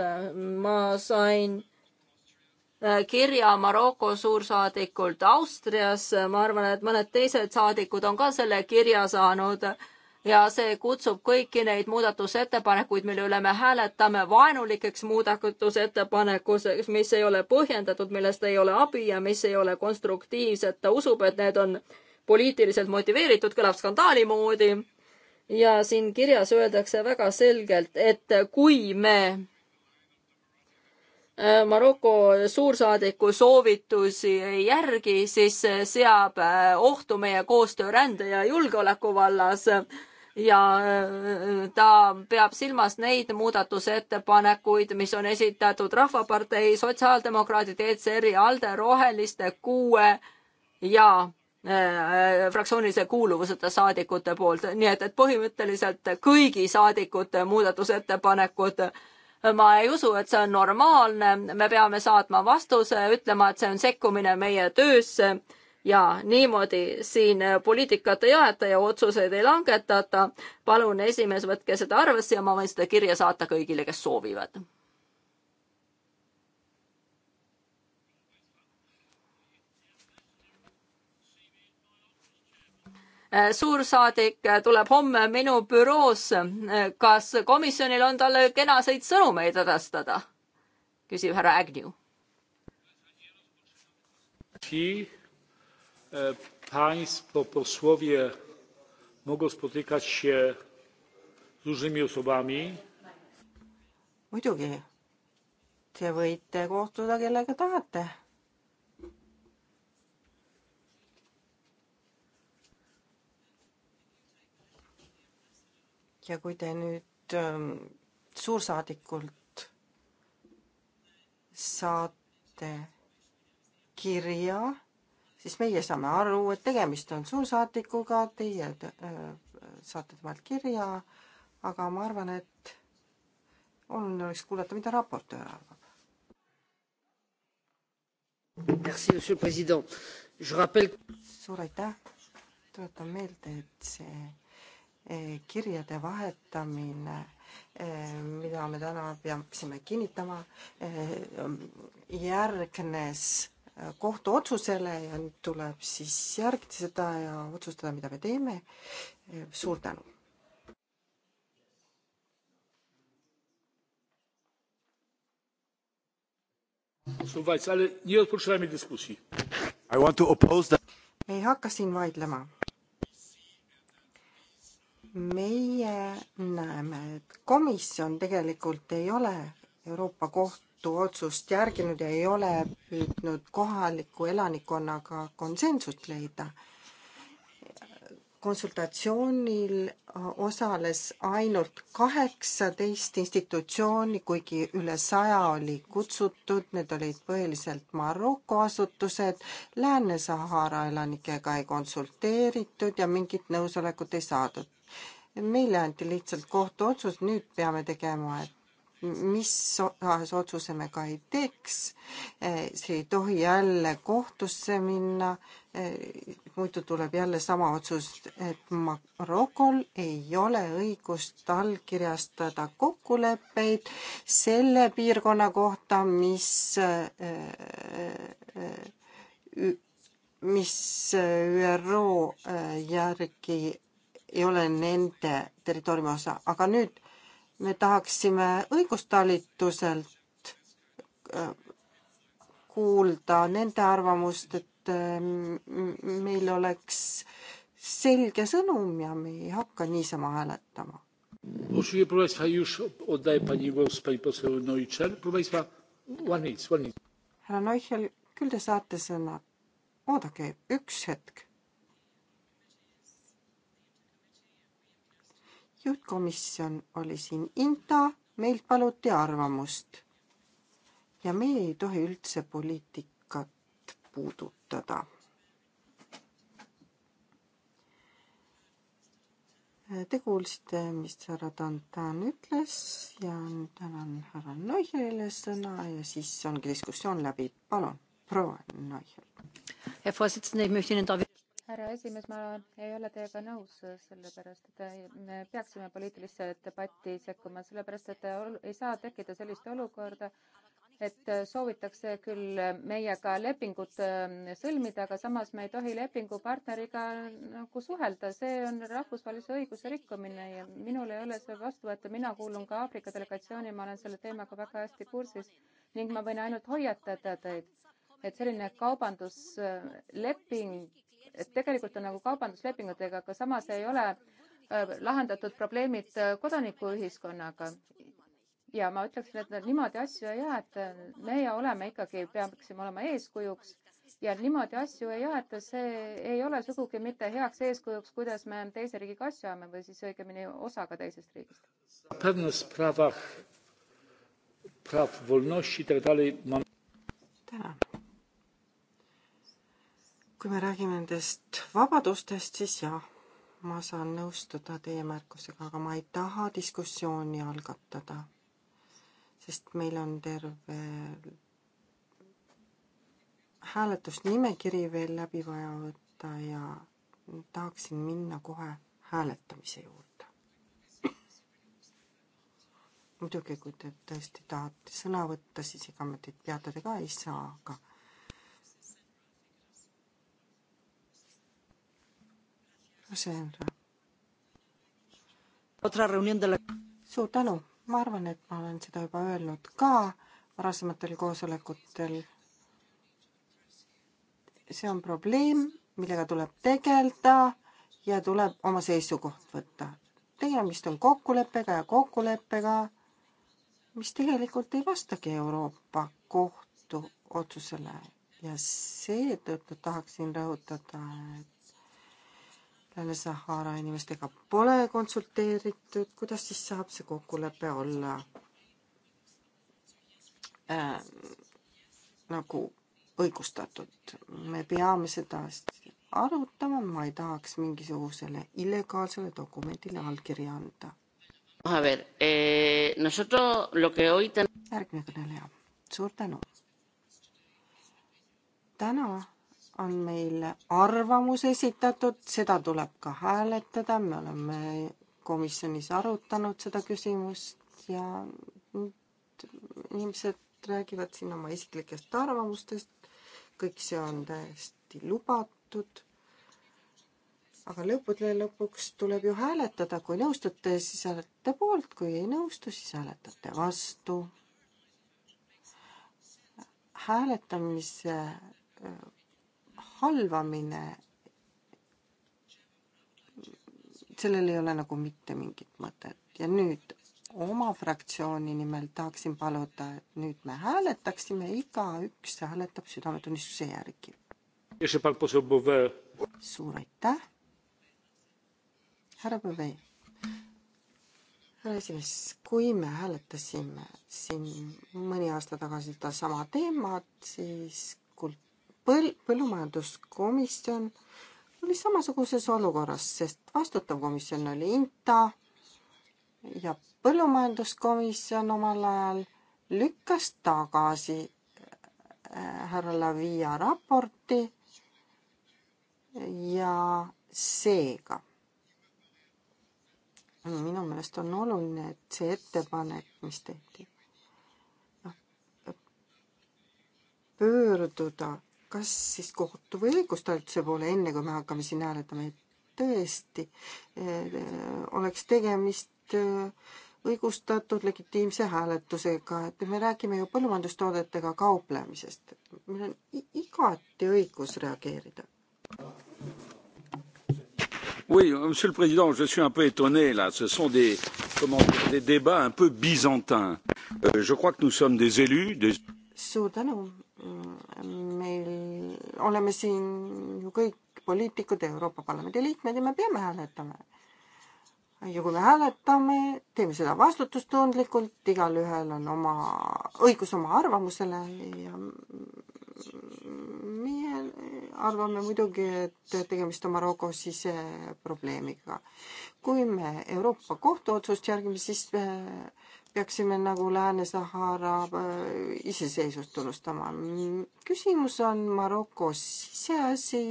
ma sain äh, kirja Maroko suursaadikult Austrias, ma arvan, et mõned teised saadikud on ka selle kirja saanud ja see kutsub kõiki neid muudatusettepanekuid, mille üle me hääletame, vaenulikeks muudatusettepanekuseks, mis ei ole põhjendatud, millest ei ole abi ja mis ei ole konstruktiivsed. ta usub, et need on poliitiliselt motiveeritud, kõlab skandaali moodi ja siin kirjas öeldakse väga selgelt, et kui me äh, Maroko suursaadiku soovitusi ei järgi, siis see seab äh, ohtu meie koostöö rände ja julgeoleku vallas ja äh, ta peab silmas neid muudatusettepanekuid, mis on esitatud Rahvapartei, Sotsiaaldemokraadid, ECR-i, ALDE, Roheliste, kuue ja Äh, äh, fraktsioonilise kuuluvuseta saadikute poolt, nii et, et põhimõtteliselt kõigi saadikute muudatusettepanekud äh, ma ei usu, et see on normaalne, me peame saatma vastuse, ütlema, et see on sekkumine meie töösse ja niimoodi siin poliitikat ei aeta ja otsuseid ei langetata. palun, esimees, võtke seda arvesse ja ma võin seda kirja saata kõigile, kes soovivad Äh, suursaadik äh, tuleb homme minu büroosse. Äh, kas komisjonil on talle kenaseid sõnumeid edastada? küsib härra Agnew. Ci e, państwo posłowie mogą spotykać się z różnymi osobami. muidugi, te võite kohtuda kellega tahate ja kui te nüüd ähm, suursaadikult saate kirja, siis meie saame aru, et tegemist on suursaadikuga, teie äh, saate temalt kirja, aga ma arvan, et oluline oleks kuulata, mida raportöör arvab. Merci, monsieur le président. Je rappelle. suur aitäh. tuletan meelde, et see Eh, kirjade vahetamine, eh, mida me täna peaksime kinnitama, eh, järgnes kohtuotsusele ja nüüd tuleb siis järgida seda ja otsustada, mida me teeme. suur tänu. me ei hakka siin vaidlema meie näeme, et komisjon tegelikult ei ole Euroopa Kohtu otsust järginud ja ei ole püüdnud kohaliku elanikkonnaga konsensust leida. konsultatsioonil osales ainult kaheksateist institutsiooni, kuigi üle saja oli kutsutud, need olid põhiliselt Maroko asutused, Lääne-Sahara elanikega ei konsulteeritud ja mingit nõusolekut ei saadud meile anti lihtsalt kohtuotsus, nüüd peame tegema, et mis tahes otsuse me ka ei teeks, eh, see ei tohi jälle kohtusse minna, eh, muidu tuleb jälle sama otsus, et Marokol ei ole õigust allkirjastada kokkuleppeid selle piirkonna kohta, mis eh, mis ÜRO järgi ei ole nende territooriumi osa, aga nüüd me tahaksime õigustalituselt äh, kuulda nende arvamust, et äh, meil oleks selge sõnum ja me ei hakka niisama hääletama. Proszę Państwa, już oddaję Pani głos, Pani poseł Neuchel. Proszę Państwa, one minute, one minute. Härra Neuchel, küll te saate sõna. oodake üks hetk juhtkomisjon oli siin INTA, meilt paluti arvamust. ja meie ei tohi üldse poliitikat puudutada. Te kuulsite, mis härra Tantan ütles ja nüüd annan härra Neucherile sõna ja siis ongi diskussioon läbi. palun, proua Neuchel härra esimees, ma ei ole teiega nõus, sellepärast et eh, me peaksime poliitilisse debatti sekkuma, sellepärast et ei saa tekkida sellist olukorda, et eh, soovitakse küll meiega lepingut eh, sõlmida, aga samas me ei tohi lepingupartneriga nagu suhelda, see on rahvusvahelise õiguse rikkumine ja minul ei ole see vastuvõetu, mina kuulun ka Aafrika delegatsiooni, ma olen selle teemaga väga hästi kursis ning ma võin ainult hoiatada teid, et selline kaubandusleping et tegelikult on nagu kaubanduslepingutega, aga samas ei ole äh, lahendatud probleemid äh, kodanikuühiskonnaga. ja ma ütleksin, et niimoodi asju ei aeta, äh, meie oleme ikkagi, peaksime olema eeskujuks ja niimoodi asju ei aeta, see ei ole sugugi mitte heaks eeskujuks, kuidas me teise riigiga asju ajame või siis õigemini osaga teisest riigist. tänan kui me räägime nendest vabadustest, siis jah, ma saan nõustuda teie märkusega, aga ma ei taha diskussiooni algatada. sest meil on terve hääletusnimekiri veel läbi vaja võtta ja tahaksin minna kohe hääletamise juurde. muidugi, kui te tõesti tahate sõna võtta, siis ega ma teid peatada ka ei saa, aga Senra. suur tänu, ma arvan, et ma olen seda juba öelnud ka varasematel koosolekutel. see on probleem, millega tuleb tegeleda ja tuleb oma seisukoht võtta. tegemist on kokkuleppega ja kokkuleppega, mis tegelikult ei vastagi Euroopa Kohtu otsusele ja seetõttu tahaksin rõhutada, et Lääne-Sahara inimestega pole konsulteeritud, kuidas siis saab see kokkulepe olla äh, nagu õigustatud? me peame seda arutama, ma ei tahaks mingisugusele illegaalsele dokumendile allkirja anda. Eh, järgmine kõneleja, suur tänu. täna on meil arvamus esitatud, seda tuleb ka hääletada, me oleme komisjonis arutanud seda küsimust ja inimesed räägivad siin oma isiklikest arvamustest, kõik see on täiesti lubatud. aga lõppude lõpuks tuleb ju hääletada, kui nõustute, siis hääletate poolt, kui ei nõustu, siis hääletate vastu. hääletamise halvamine, sellel ei ole nagu mitte mingit mõtet ja nüüd oma fraktsiooni nimel tahaksin paluda, et nüüd me hääletaksime, igaüks hääletab südametunnistuse järgi. suur aitäh. härra Põve, härra esimees, kui me hääletasime siin mõni aasta tagasi sedasama teemat, siis kult-, põl-, põllumajanduskomisjon oli samasuguses olukorras, sest vastutav komisjon oli INTA ja põllumajanduskomisjon omal ajal lükkas tagasi äh, härra Lavia raporti ja seega minu meelest on oluline, et see ettepanek, mis tehti, noh, pöörduda kas siis kohtu või õigustalituse poole, enne kui me hakkame siin hääletama, et tõesti eh, oleks tegemist eh, õigustatud legitiimse hääletusega, et me räägime ju põllumajandustoodetega kauplemisest. meil on igati õigus reageerida. Oui, monsieur le président, je suis un peu étonné là. Ce sont des, comment dire, des débats un peu byzantins. Euh, je crois que nous sommes des élus. Des... Suur tänu, Mm, meil oleme siin ju kõik poliitikud, Euroopa Parlamendi liikmed ja me peame hääletama. ja kui me hääletame, teeme seda vastutustundlikult, igalühel on oma õigus oma arvamusele ja meie arvame muidugi, et tegemist on Maroko siseprobleemiga. kui me Euroopa Kohtu otsust järgime, siis me peaksime nagu Lääne-Sahara äh, iseseisvust tunnustama. küsimus on Maroko siseasi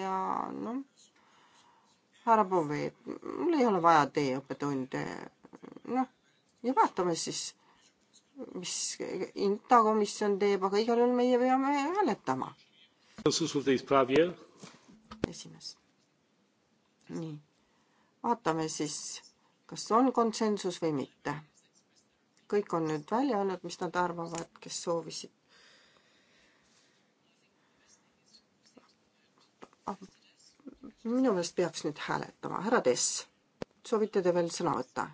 ja noh, härra Bove, mul ei ole vaja teie õppetunde. noh, ja vaatame siis, mis INTA komisjon teeb, aga igal juhul meie peame hääletama. esimees. nii, vaatame siis, kas on konsensus või mitte kõik on nüüd välja öelnud, mis nad arvavad, kes soovisid. minu meelest peaks nüüd hääletama. härra Tess, soovite te veel sõna võtta?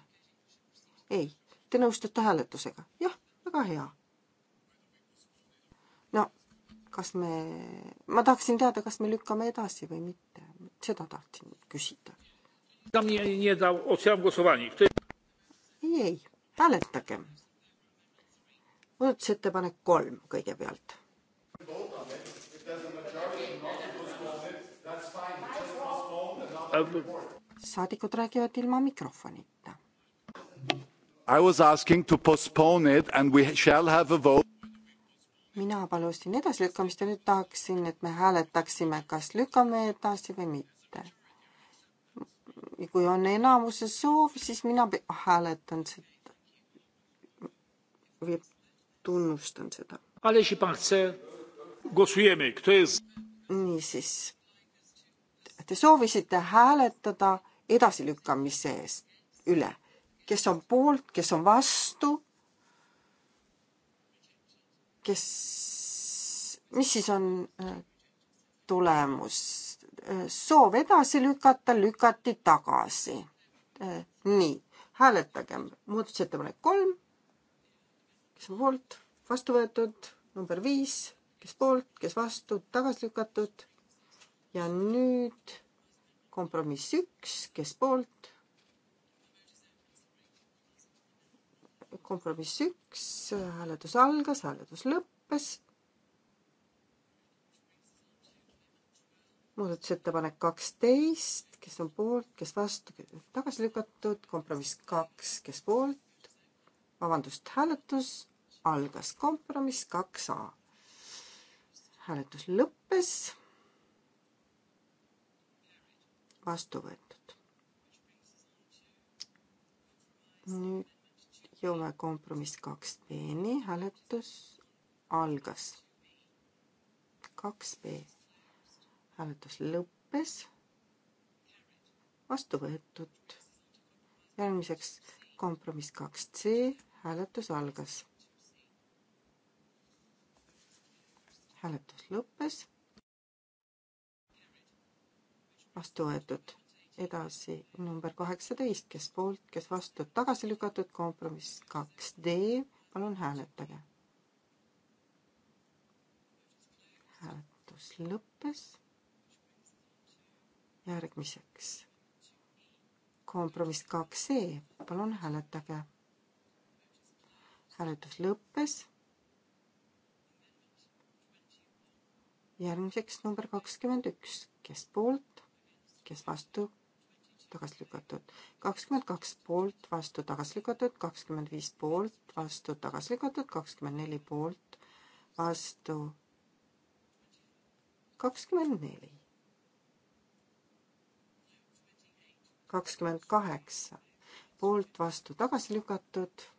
ei, te nõustute hääletusega? jah, väga hea. no kas me, ma tahaksin teada, kas me lükkame edasi või mitte, seda tahtsin küsida. ei, ei hääletage. muudatusettepanek kolm kõigepealt. saadikud räägivad ilma mikrofonita. I was asking to postpone it and we shall have a vote mina palusin edasilükkamist ja nüüd tahaksin, et me hääletaksime, kas lükkame edasi või mitte. kui on enamuse soov, siis mina hääletan seda tunnustan seda. niisiis, te soovisite hääletada edasilükkamise eest üle, kes on poolt, kes on vastu, kes, mis siis on äh, tulemus? Äh, soov edasi lükata, lükati tagasi. Äh, nii, hääletagem muudatusettepanek kolm kes on poolt, vastu võetud, number viis, kes poolt, kes vastu, tagasi lükatud. ja nüüd kompromiss üks, kes poolt. kompromiss üks, hääletus algas, hääletus lõppes. muudatusettepanek kaksteist, kes on poolt, kes vastu, tagasi lükatud, kompromiss kaks, kes poolt, vabandust, hääletus algas kompromiss kaks A. hääletus lõppes. vastu võetud. nüüd jõuame kompromiss kaks B-ni, hääletus algas. kaks B, hääletus lõppes. vastu võetud. järgmiseks kompromiss kaks C, hääletus algas hääletus lõppes. vastu võetud edasi number kaheksateist, kes poolt, kes vastu, tagasi lükatud, kompromiss kaks D, palun hääletage. hääletus lõppes. järgmiseks kompromiss kaks E, palun hääletage. hääletus lõppes järgmiseks number kakskümmend üks, kes poolt, kes vastu, tagasi lükatud. kakskümmend kaks poolt, vastu, tagasi lükatud, kakskümmend viis poolt, vastu, tagasi lükatud, kakskümmend neli poolt, vastu, kakskümmend neli. kakskümmend kaheksa poolt, vastu, tagasi lükatud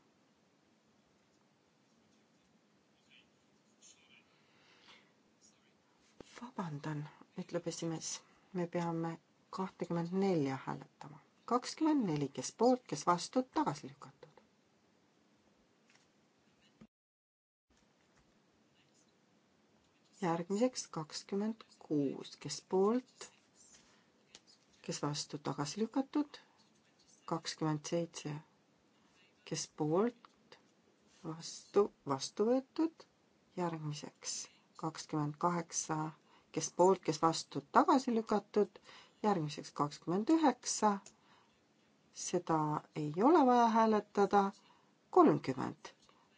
vabandan, ütleb esimees, me peame kahtekümmend nelja hääletama. kakskümmend neli, kes poolt, kes vastu, tagasi lükatud. järgmiseks kakskümmend kuus, kes poolt, kes vastu, tagasi lükatud. kakskümmend seitse, kes poolt, vastu, vastu võetud. järgmiseks kakskümmend kaheksa kes poolt, kes vastu, tagasi lükatud. järgmiseks kakskümmend üheksa. seda ei ole vaja hääletada. kolmkümmend,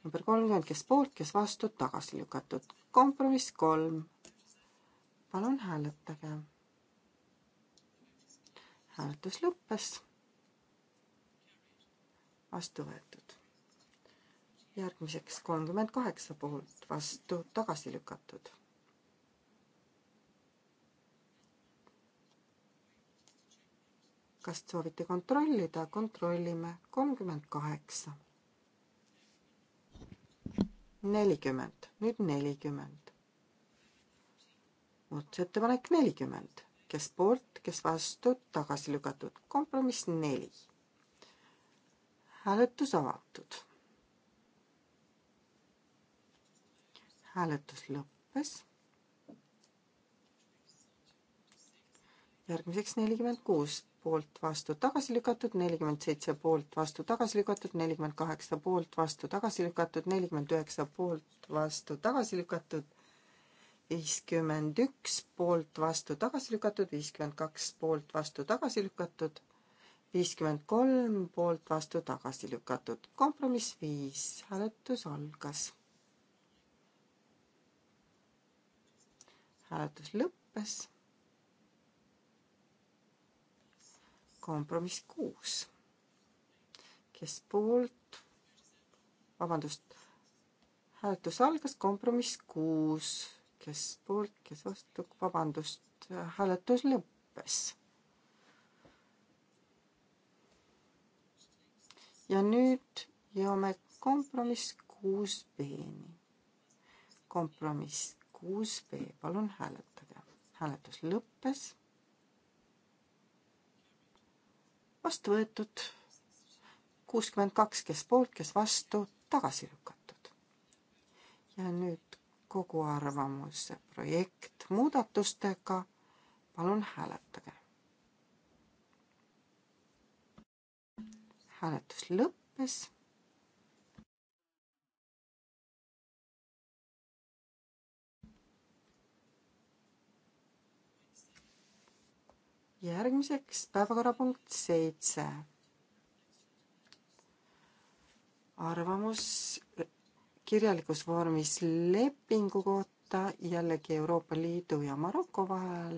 number kolmkümmend, kes poolt, kes vastu, tagasi lükatud. kompromiss kolm. palun hääletage. hääletus lõppes. vastu võetud järgmiseks kolmkümmend kaheksa poolt vastu tagasi lükatud kas soovite kontrollida, kontrollime, kolmkümmend kaheksa. nelikümmend, nüüd nelikümmend. muudatusettepanek nelikümmend, kes poolt, kes vastu, tagasi lükatud, kompromiss neli. hääletus avatud. hääletus lõppes järgmiseks nelikümmend kuus poolt vastu tagasi lükatud, nelikümmend seitse poolt vastu tagasi lükatud, nelikümmend kaheksa poolt vastu tagasi lükatud, nelikümmend üheksa poolt vastu tagasi lükatud, viiskümmend üks poolt vastu tagasi lükatud, viiskümmend kaks poolt vastu tagasi lükatud, viiskümmend kolm poolt vastu tagasi lükatud. kompromiss viis, hääletus algas. hääletus lõppes kompromiss kuus, kes poolt, vabandust, hääletus algas, kompromiss kuus, kes poolt, kes vastu, vabandust, hääletus lõppes ja nüüd jõuame kompromiss 6B-ni. kompromiss 6B, palun hääletage. hääletus lõppes. vastu võetud kuuskümmend kaks, kes poolt, kes vastu, tagasi lükatud. ja nüüd kogu arvamuse projekt muudatustega. palun hääletage. hääletus lõppes järgmiseks päevakorrapunkt seitse. arvamus kirjalikus vormis lepingu kohta jällegi Euroopa Liidu ja Maroko vahel.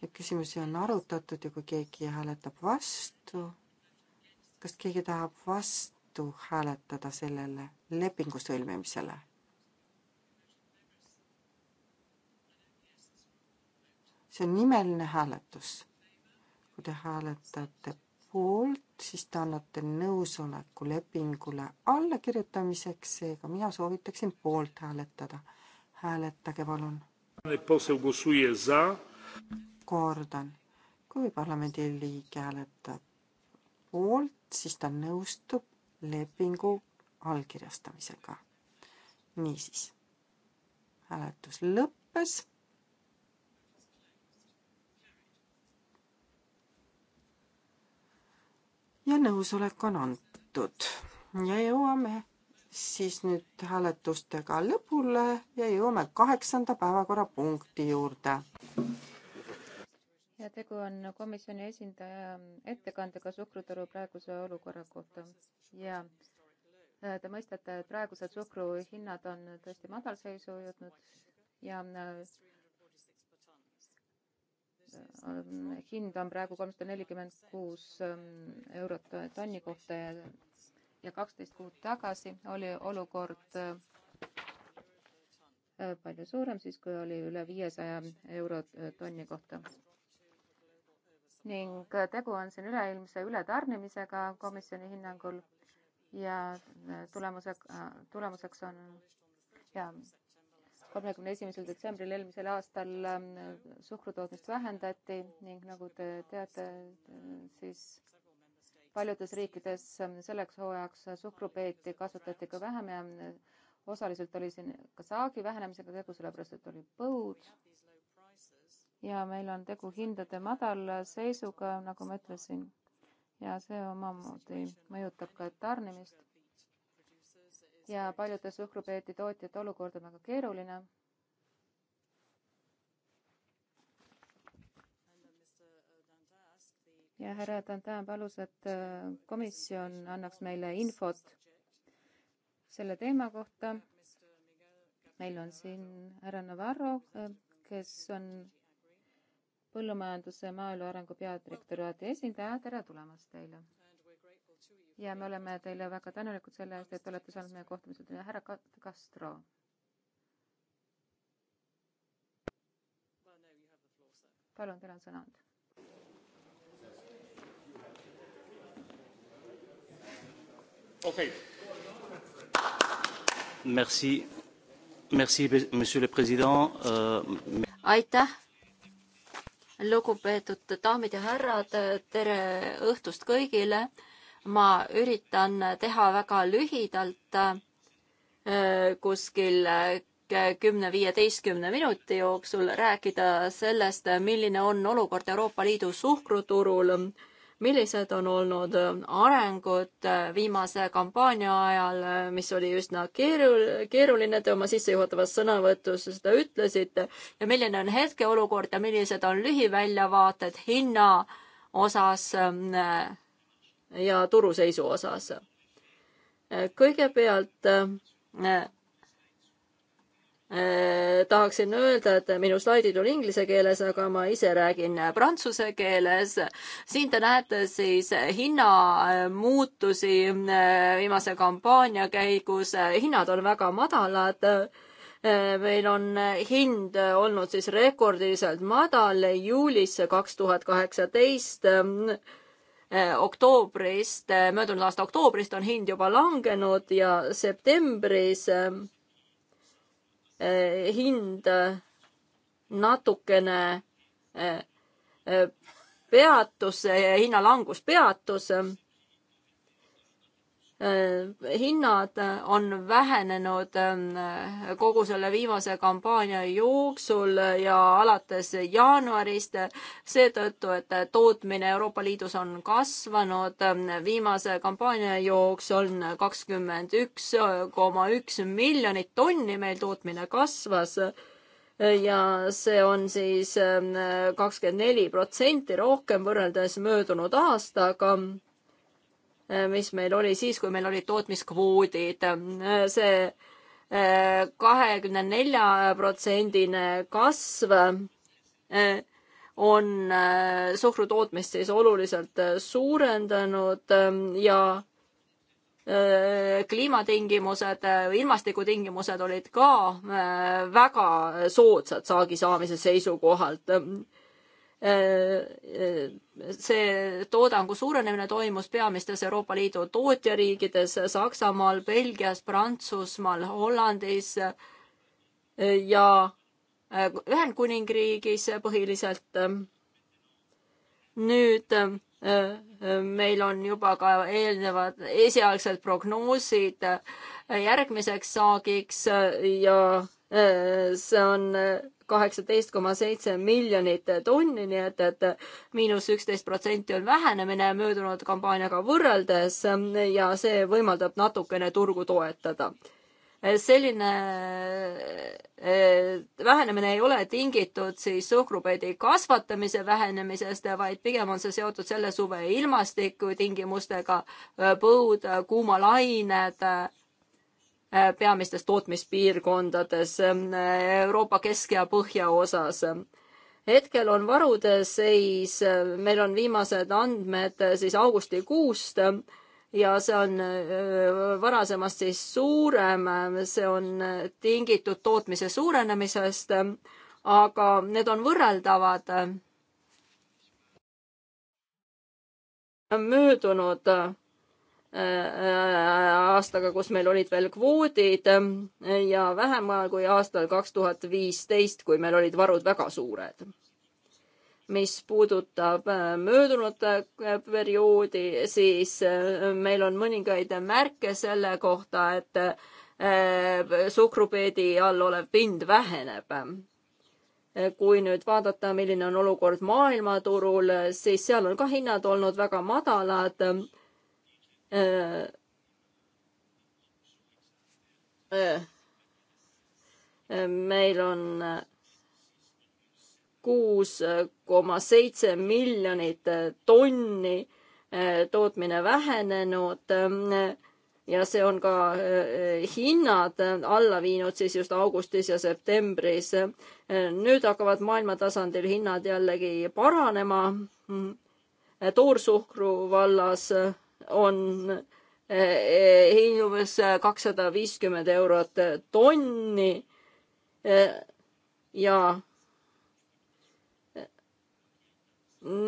Neid küsimusi on arutatud ja kui keegi hääletab vastu, kas keegi tahab vastu hääletada sellele lepingu sõlmimisele? see on nimeline hääletus. kui te hääletate poolt, siis te annate nõusoleku lepingule allakirjutamiseks, seega mina soovitaksin poolt hääletada. hääletage palun. kordan, kui parlamendi liige hääletab poolt, siis ta nõustub lepingu allkirjastamisega. niisiis, hääletus lõppes ja nõusolek on antud. ja jõuame siis nüüd hääletustega lõpule ja jõuame kaheksanda päevakorrapunkti juurde. ja tegu on komisjoni esindaja ettekandega suhkruturu praeguse olukorra kohta ja äh, te mõistate, et praegused suhkruhinnad on tõesti madalseisu jõudnud ja äh, on, hind on praegu kolmsada nelikümmend kuus ähm, eurot tonni kohta ja, ja kaksteist kuud tagasi oli olukord äh, palju suurem, siis kui oli üle viiesaja euro äh, tonni kohta. ning äh, tegu on siin üleilmse ületarnimisega komisjoni hinnangul ja tulemuse, tulemuseks on ja kolmekümne esimesel detsembril eelmisel aastal ähm, suhkrutootmist vähendati ning nagu te teate, siis paljudes riikides ähm, selleks hooajaks suhkrupeeti kasutati ka vähem ja äh, osaliselt oli siin ka saagi vähenemisega tegu, sellepärast et oli põud. ja meil on tegu hindade madala seisuga, nagu ma ütlesin. ja see omamoodi mõjutab ka tarnimist ja paljude suhkrupeeti tootjate olukord on väga keeruline. ja härra Dantin palus, et äh, komisjon annaks meile infot selle teema kohta. meil on siin härra Navarro, äh, kes on põllumajanduse maaelu arengu peadirektoraadi esindaja, tere tulemast teile ja me oleme teile väga tänulikud selle eest, et olete saanud meie kohtumisel teha härra Castro. palun, teil on sõna olnud. okei okay.. Merci, merci, monsieur le president uh,. aitäh lugupeetud daamid ja härrad, tere õhtust kõigile ma üritan teha väga lühidalt äh, kuskil äh, kümne-viieteistkümne minuti jooksul rääkida sellest, milline on olukord Euroopa Liidu suhkruturul, millised on olnud arengud viimase kampaania ajal, mis oli üsna keeru-, keeruline, te oma sissejuhatavas sõnavõtus seda ütlesite, ja milline on hetkeolukord ja millised on lühiväljavaated hinna osas äh, ja turuseisu osas. kõigepealt äh, äh, tahaksin öelda, et minu slaidid on inglise keeles, aga ma ise räägin prantsuse keeles. siin te näete siis hinnamuutusi äh, viimase kampaania käigus. hinnad on väga madalad. meil on hind olnud siis rekordiliselt madal juulis kaks tuhat kaheksateist Eh, oktoobrist, eh, möödunud aasta oktoobrist on hind juba langenud ja septembris eh, hind natukene peatus, hinnalangus peatus Äh, hinnad äh, on vähenenud ähm, äh, kogu selle viimase kampaania jooksul ja alates jaanuarist seetõttu, et tootmine Euroopa Liidus on kasvanud ähm, viimase kampaania jooksul kakskümmend üks koma üks miljonit tonni meil tootmine kasvas ja see on siis ähm, kakskümmend neli protsenti rohkem võrreldes möödunud aastaga Äh, mis meil oli siis, kui meil olid tootmiskvoodid. Äh, see äh, kahekümne nelja protsendine kasv on suhkru tootmist siis oluliselt suurendanud ja kliimatingimused, ilmastikutingimused olid ka väga soodsad saagi saamise seisukohalt Äh, äh, see toodangu suurenemine toimus peamistes Euroopa Liidu tootjariikides Saksamaal, Belgias, Prantsusmaal, Hollandis äh, ja Ühendkuningriigis põhiliselt. nüüd meil on juba ka eelnevad esialgsed prognoosid järgmiseks saagiks ja Äh, see on äh, kaheksateist koma seitse miljonit tonni, nii et, et äh, miinus üksteist protsenti on vähenemine möödunud kampaaniaga võrreldes ähm, ja see võimaldab natukene turgu toetada. selline vähenemine ei ole tingitud siis suhkrupeedi kasvatamise vähenemisest, vaid pigem on see seotud selle suve ilmastikutingimustega, põud, kuumalained Äh, peamistes tootmispiirkondades ähm, äh, Euroopa kesk- ja põhjaosas. hetkel on varude seis, äh, meil on viimased andmed siis augustikuust ja see on varasemast siis suurem, see on tingitud tootmise suurenemisest, aga need on võrreldavad möödunud Äh, äh, aastaga, kus meil olid veel kvoodid äh, ja vähem kui aastal kaks tuhat viisteist, kui meil olid varud väga suured. mis puudutab möödunud perioodi, siis meil on mõningaid märke selle kohta, et suhkrupeedi all olev pind väheneb kui nüüd vaadata, milline on olukord maailmaturul, siis seal on ka hinnad olnud väga madalad Äh, äh, äh, meil on kuus koma seitse miljonit tonni tootmine vähenenud ja see on ka hinnad alla viinud siis just augustis ja septembris. nüüd hakkavad maailma tasandil hinnad jällegi paranema. Mm, toorsuhkru vallas on eh, eh, Hiiumas eh, kakssada viiskümmend eurot tonni ja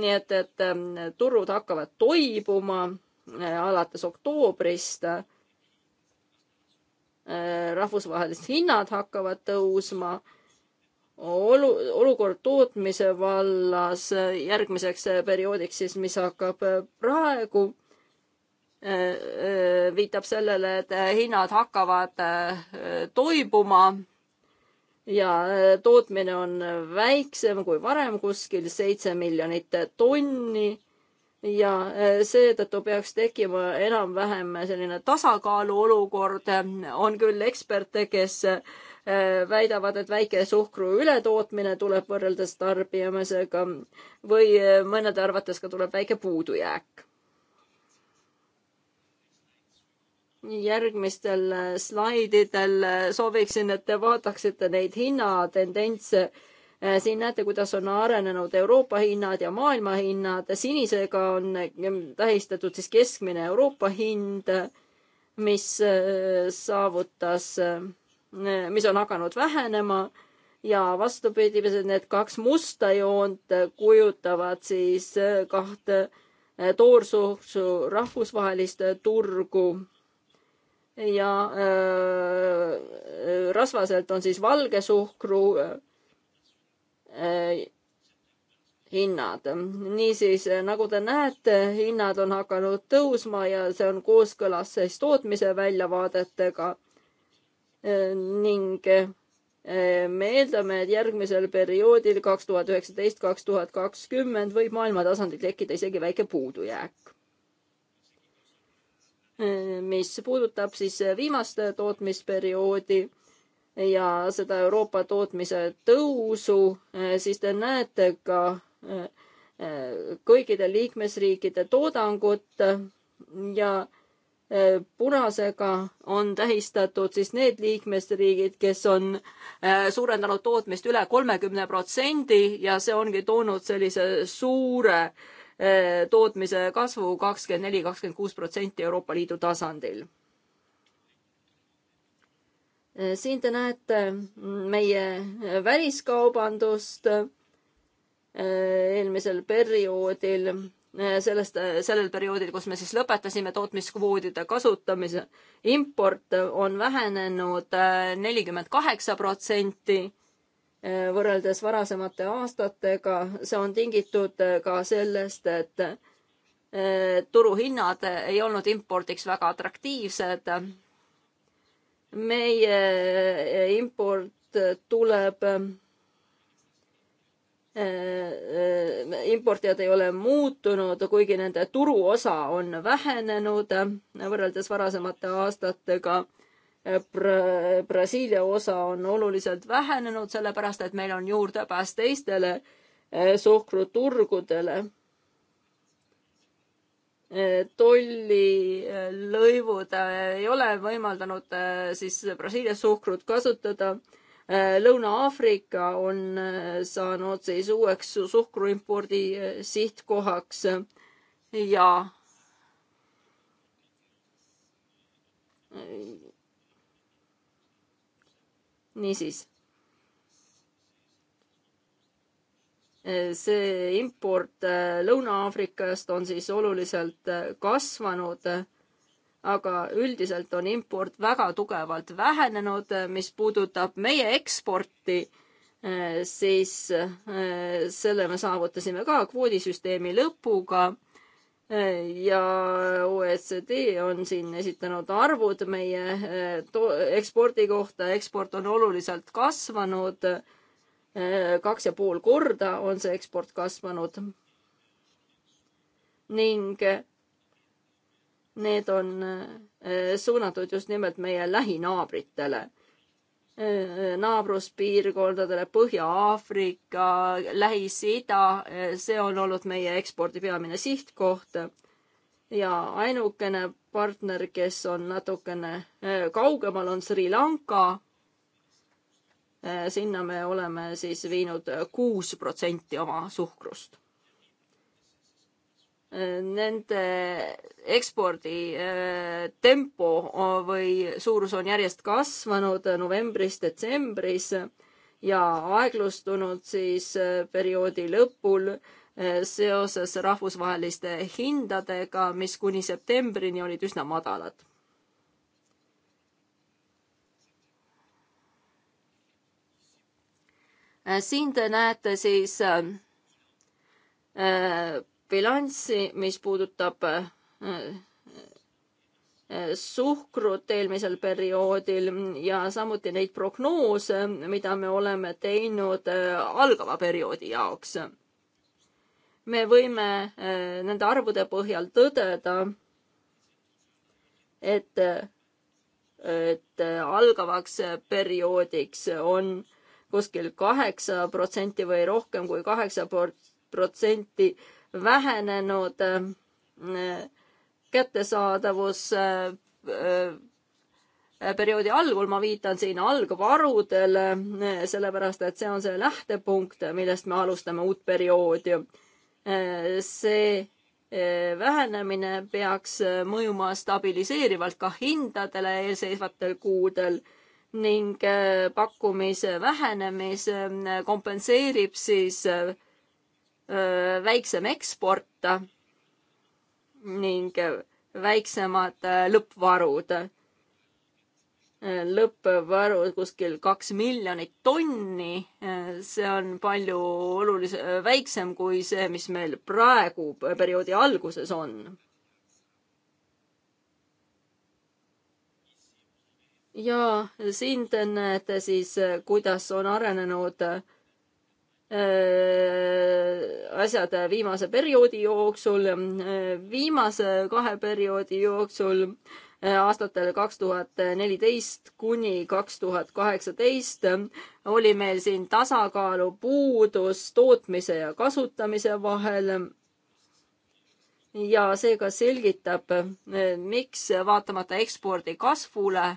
nii et, et turud hakkavad toibuma alates oktoobrist. rahvusvahelised hinnad hakkavad tõusma. olu, olukord tootmise vallas järgmiseks perioodiks siis, mis hakkab praegu Äh, äh, viitab sellele, et äh, hinnad hakkavad toibuma ja tootmine on väiksem kui varem, kuskil seitse miljonit tonni. ja seetõttu peaks tekkima enam-vähem selline tasakaalu olukord. on küll eksperte, kes väidavad, et väike suhkru ületootmine tuleb võrreldes tarbimisega või mõnede arvates ka tuleb väike puudujääk järgmistel äh, slaididel äh, sooviksin, et te vaataksite neid hinnatendentse. Äh, siin näete, kuidas on arenenud Euroopa hinnad ja maailma hinnad. sinisega on tähistatud siis keskmine Euroopa hind, mis saavutas, mis on hakanud vähenema ja vastupidi, need kaks musta joont kujutavad siis kahte toorsuhksu rahvusvahelist turgu ja rasvaselt on siis valgesuhkru hinnad. niisiis, nagu te näete, hinnad on hakanud tõusma ja see on kooskõlas siis tootmise väljavaadetega. ning me eeldame, et järgmisel perioodil kaks tuhat üheksateist, kaks tuhat kakskümmend võib maailma tasandil tekkida isegi väike puudujääk mis puudutab siis viimast tootmisperioodi ja seda Euroopa tootmise tõusu, siis te näete ka äh, kõikide liikmesriikide toodangut ja äh, punasega on tähistatud siis need liikmesriigid, kes on äh, suurendanud tootmist üle kolmekümne protsendi ja see ongi toonud sellise suure äh, Äh, tootmise kasvu kakskümmend neli, kakskümmend kuus protsenti Euroopa Liidu tasandil. Äh, siin te näete mm, meie väliskaubandust äh, eelmisel perioodil, sellest, sellel perioodil, kus me siis lõpetasime tootmiskvoodide kasutamise, import on vähenenud nelikümmend kaheksa protsenti võrreldes varasemate aastatega, see on tingitud äh, ka sellest, et äh, turuhinnad ei olnud impordiks väga atraktiivsed. meie äh, import tuleb, importijad ei ole muutunud, kuigi nende turuosa on vähenenud võrreldes varasemate aastatega Bra-, Brasiilia osa on oluliselt vähenenud, sellepärast et meil on juurdepääs teistele eh, suhkruturgudele eh, tollilõivud eh, ei ole võimaldanud siis Brasiilia suhkrut kasutada. Lõuna-Aafrika on saanud siis uueks suhkruimpordi sihtkohaks ja niisiis, see import äh, Lõuna-Aafrikast on siis oluliselt äh, kasvanud, äh, aga üldiselt on import väga tugevalt vähenenud, mis puudutab meie eksporti, siis selle me saavutasime ka kvoodisüsteemi lõpuga ja OECD on siin esitanud arvud meie eh, ekspordi kohta, eksport on oluliselt kasvanud, eh, kaks ja pool korda on see eksport kasvanud. ning eh, need on suunatud just nimelt meie lähinaabritele naabruspiirkondadele, Põhja-Aafrika, Lähis-Ida, see on olnud meie ekspordi peamine sihtkoht. ja ainukene partner, kes on natukene eh, kaugemal, on Sri Lanka. Eh, sinna me oleme siis viinud kuus protsenti oma suhkrust nende ekspordi äh, tempo või suurus on järjest kasvanud novembris, detsembris ja aeglustunud siis äh, perioodi lõpul äh, seoses rahvusvaheliste hindadega, mis kuni septembrini olid üsna madalad. siin te näete siis bilanssi, mis puudutab äh, äh, suhkrut eelmisel perioodil ja samuti neid prognoose, mida me oleme teinud äh, algava perioodi jaoks. me võime nende arvude põhjal tõdeda, et, et algavaks perioodiks on kuskil kaheksa protsenti või rohkem kui kaheksa protsenti vähenenud äh, äh, kättesaadavus äh, perioodi algul, ma viitan siin algvarudele, sellepärast et see on see lähtepunkt, millest me alustame uut perioodi. see vähenemine peaks mõjuma stabiliseerivalt ka hindadele eelseisvatel kuudel ning pakkumise vähenemise kompenseerib siis väiksem eksport ning väiksemad lõppvarud. lõppvarud kuskil kaks miljonit tonni, see on palju olulise, väiksem kui see, mis meil praegu perioodi alguses on. ja siin te näete siis, kuidas on arenenud äh, Äh, asjad viimase perioodi jooksul. Äh, viimase kahe perioodi jooksul äh, aastatel kaks tuhat neliteist kuni kaks tuhat kaheksateist oli meil siin tasakaalu puudus tootmise ja kasutamise vahel. ja see ka selgitab, miks vaatamata ekspordi kasvule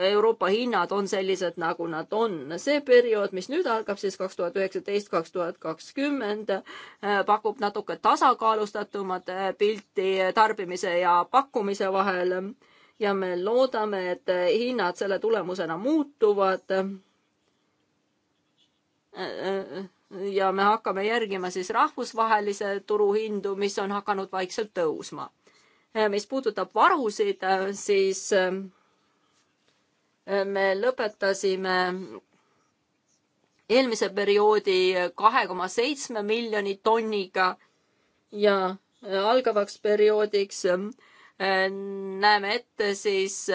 Euroopa hinnad on sellised, nagu nad on. see periood, mis nüüd algab siis kaks tuhat üheksateist, kaks tuhat kakskümmend, eh, pakub natuke tasakaalustatumat eh, pilti tarbimise ja pakkumise vahel ja me loodame, et eh, hinnad selle tulemusena muutuvad. ja me hakkame järgima siis rahvusvahelise turuhindu, mis on hakanud vaikselt tõusma. mis puudutab varusid, siis me lõpetasime eelmise perioodi kahe koma seitsme miljoni tonniga ja algavaks perioodiks äh, näeme ette siis,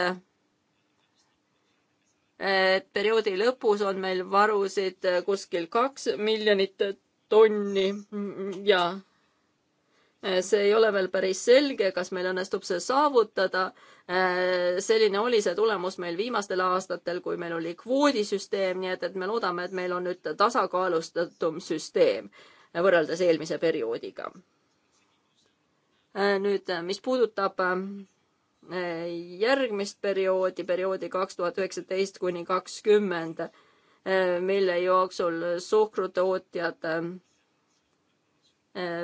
et äh, perioodi lõpus on meil varusid kuskil kaks miljonit tonni ja Eh, see ei ole veel päris selge, kas meil õnnestub see saavutada. Eh, selline oli see tulemus meil viimastel aastatel, kui meil oli kvoodisüsteem, nii et, et me loodame, et meil on nüüd tasakaalustatum süsteem võrreldes eelmise perioodiga. Eh, nüüd, mis puudutab järgmist perioodi, perioodi kaks tuhat üheksateist kuni kakskümmend, mille jooksul suhkrutootjad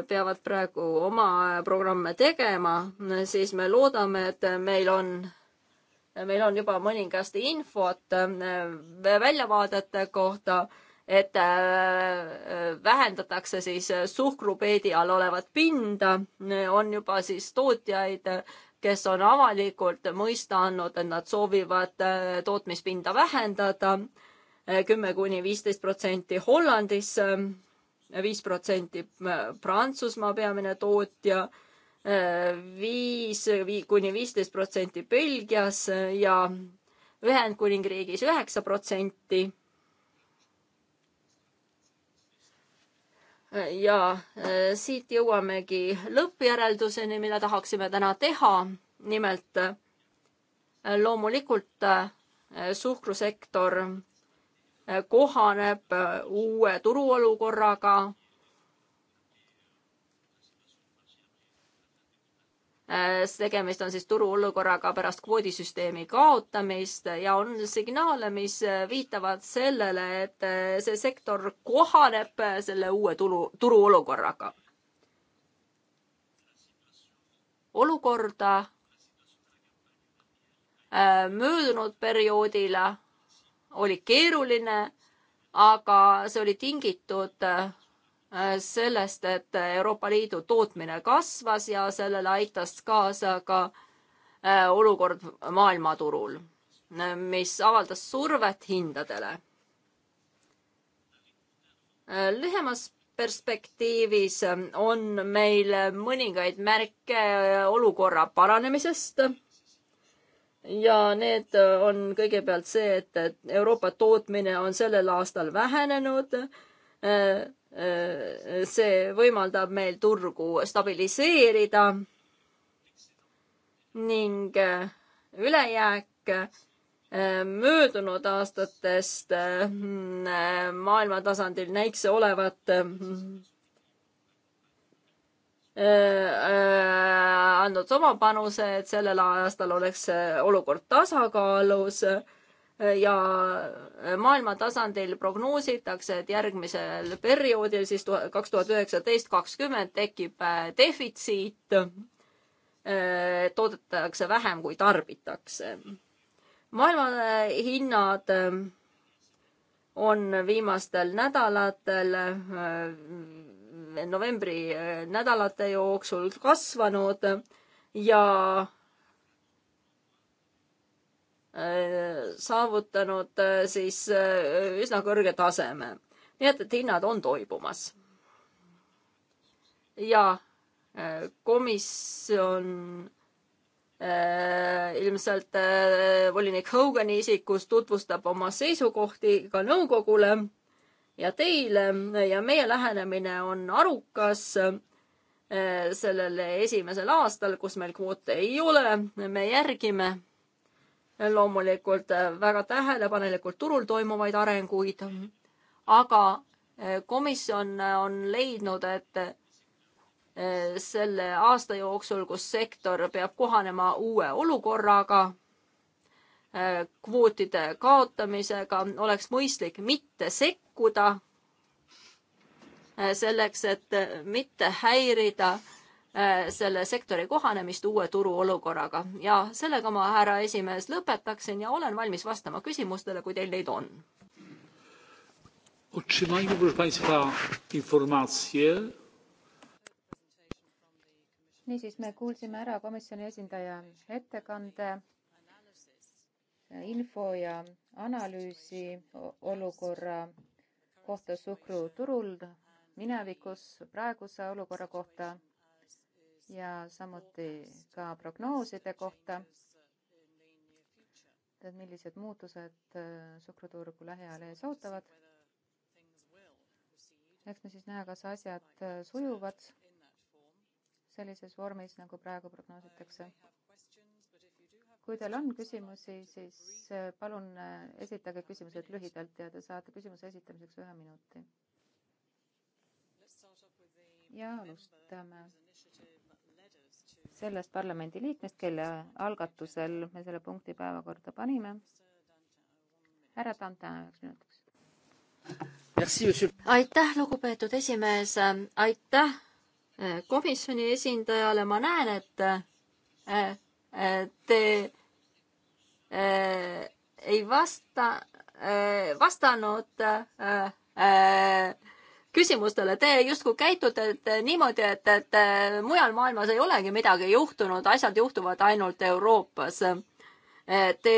peavad praegu oma programme tegema, siis me loodame, et meil on, meil on juba mõningast infot äh, väljavaadete kohta, et äh, vähendatakse siis suhkrupeedi all olevat pinda, on juba siis tootjaid, kes on avalikult mõista andnud, et nad soovivad äh, tootmispinda vähendada kümme kuni viisteist protsenti Hollandis viis protsenti Prantsusmaa peamine tootja, viis kuni viisteist protsenti Belgias ja Ühendkuningriigis üheksa protsenti. ja eh, siit jõuamegi lõppjärelduseni, mida tahaksime täna teha. nimelt eh, loomulikult eh, suhkrusektor Äh, kohaneb äh, uue turuolukorraga äh, tegemist on siis turuolukorraga pärast kvoodisüsteemi kaotamist ja on signaale, mis viitavad sellele, et see sektor kohaneb selle uue tulu, turuolukorraga. olukorda möödunud perioodil oli keeruline, aga see oli tingitud äh, sellest, et Euroopa Liidu tootmine kasvas ja sellele aitas kaasa ka äh, olukord maailmaturul, mis avaldas survet hindadele. Äh, lühemas perspektiivis on meil mõningaid märke olukorra paranemisest ja need äh, on kõigepealt see, et Euroopa tootmine on sellel aastal vähenenud. Äh, äh, see võimaldab meil turgu stabiliseerida ning ülejääk möödunud aastatest maailma tasandil näikse olevat Äh, äh, andnud oma panuse, et sellel aastal oleks äh, olukord tasakaalus ja maailma tasandil prognoositakse, et järgmisel perioodil, siis kaks tuhat üheksateist, kakskümmend tekib defitsiit. toodetakse vähem, kui tarbitakse. maailma hinnad on viimastel nädalatel novembri eh, nädalate jooksul kasvanud ja eh, saavutanud eh, siis üsna kõrge taseme. nii et, et hinnad on toibumas. ja komisjon ilmselt volinik Hogani isikus tutvustab oma seisukohti ka nõukogule ja teile ähm, ja meie lähenemine on arukas äh, sellel esimesel aastal, kus meil kvoote ei ole, me järgime loomulikult äh, väga tähelepanelikult turul toimuvaid arenguid, aga äh, komisjon on leidnud, et selle aasta jooksul, kus sektor peab kohanema uue olukorraga Äh, kvootide kaotamisega, oleks mõistlik mitte sekkuda äh, selleks, et äh, mitte häirida selle sektori kohanemist uue turuolukorraga ja sellega ma, härra esimees, lõpetaksin ja olen valmis vastama küsimustele, kui teil neid on. Otrzymajmy, proszę Państwa, informację. niisiis, me kuulsime ära komisjoni esindaja ettekande info ja analüüsi olukorra kohta suhkruturul minevikus, praeguse olukorra kohta ja samuti ka prognooside kohta et millised muutused äh, suhkruturgu lähiajal ees ootavad. eks me siis näe, kas asjad äh, sujuvad sellises vormis, nagu praegu prognoositakse kui teil on küsimusi, siis äh, palun äh, esitage küsimused lühidalt ja te saate küsimuse esitamiseks ühe minuti. ja alustame sellest parlamendi liikmest, kelle algatusel me selle punkti päevakorda panime. härra Tante üheks minutiks. aitäh, lugupeetud esimees, aitäh äh, komisjoni esindajale, ma näen, et Äh, te äh, ei vasta, äh, vastanud küsimustele, te justkui käitute niimoodi, et, et mujal maailmas ei olegi midagi juhtunud, asjad juhtuvad ainult Euroopas. Te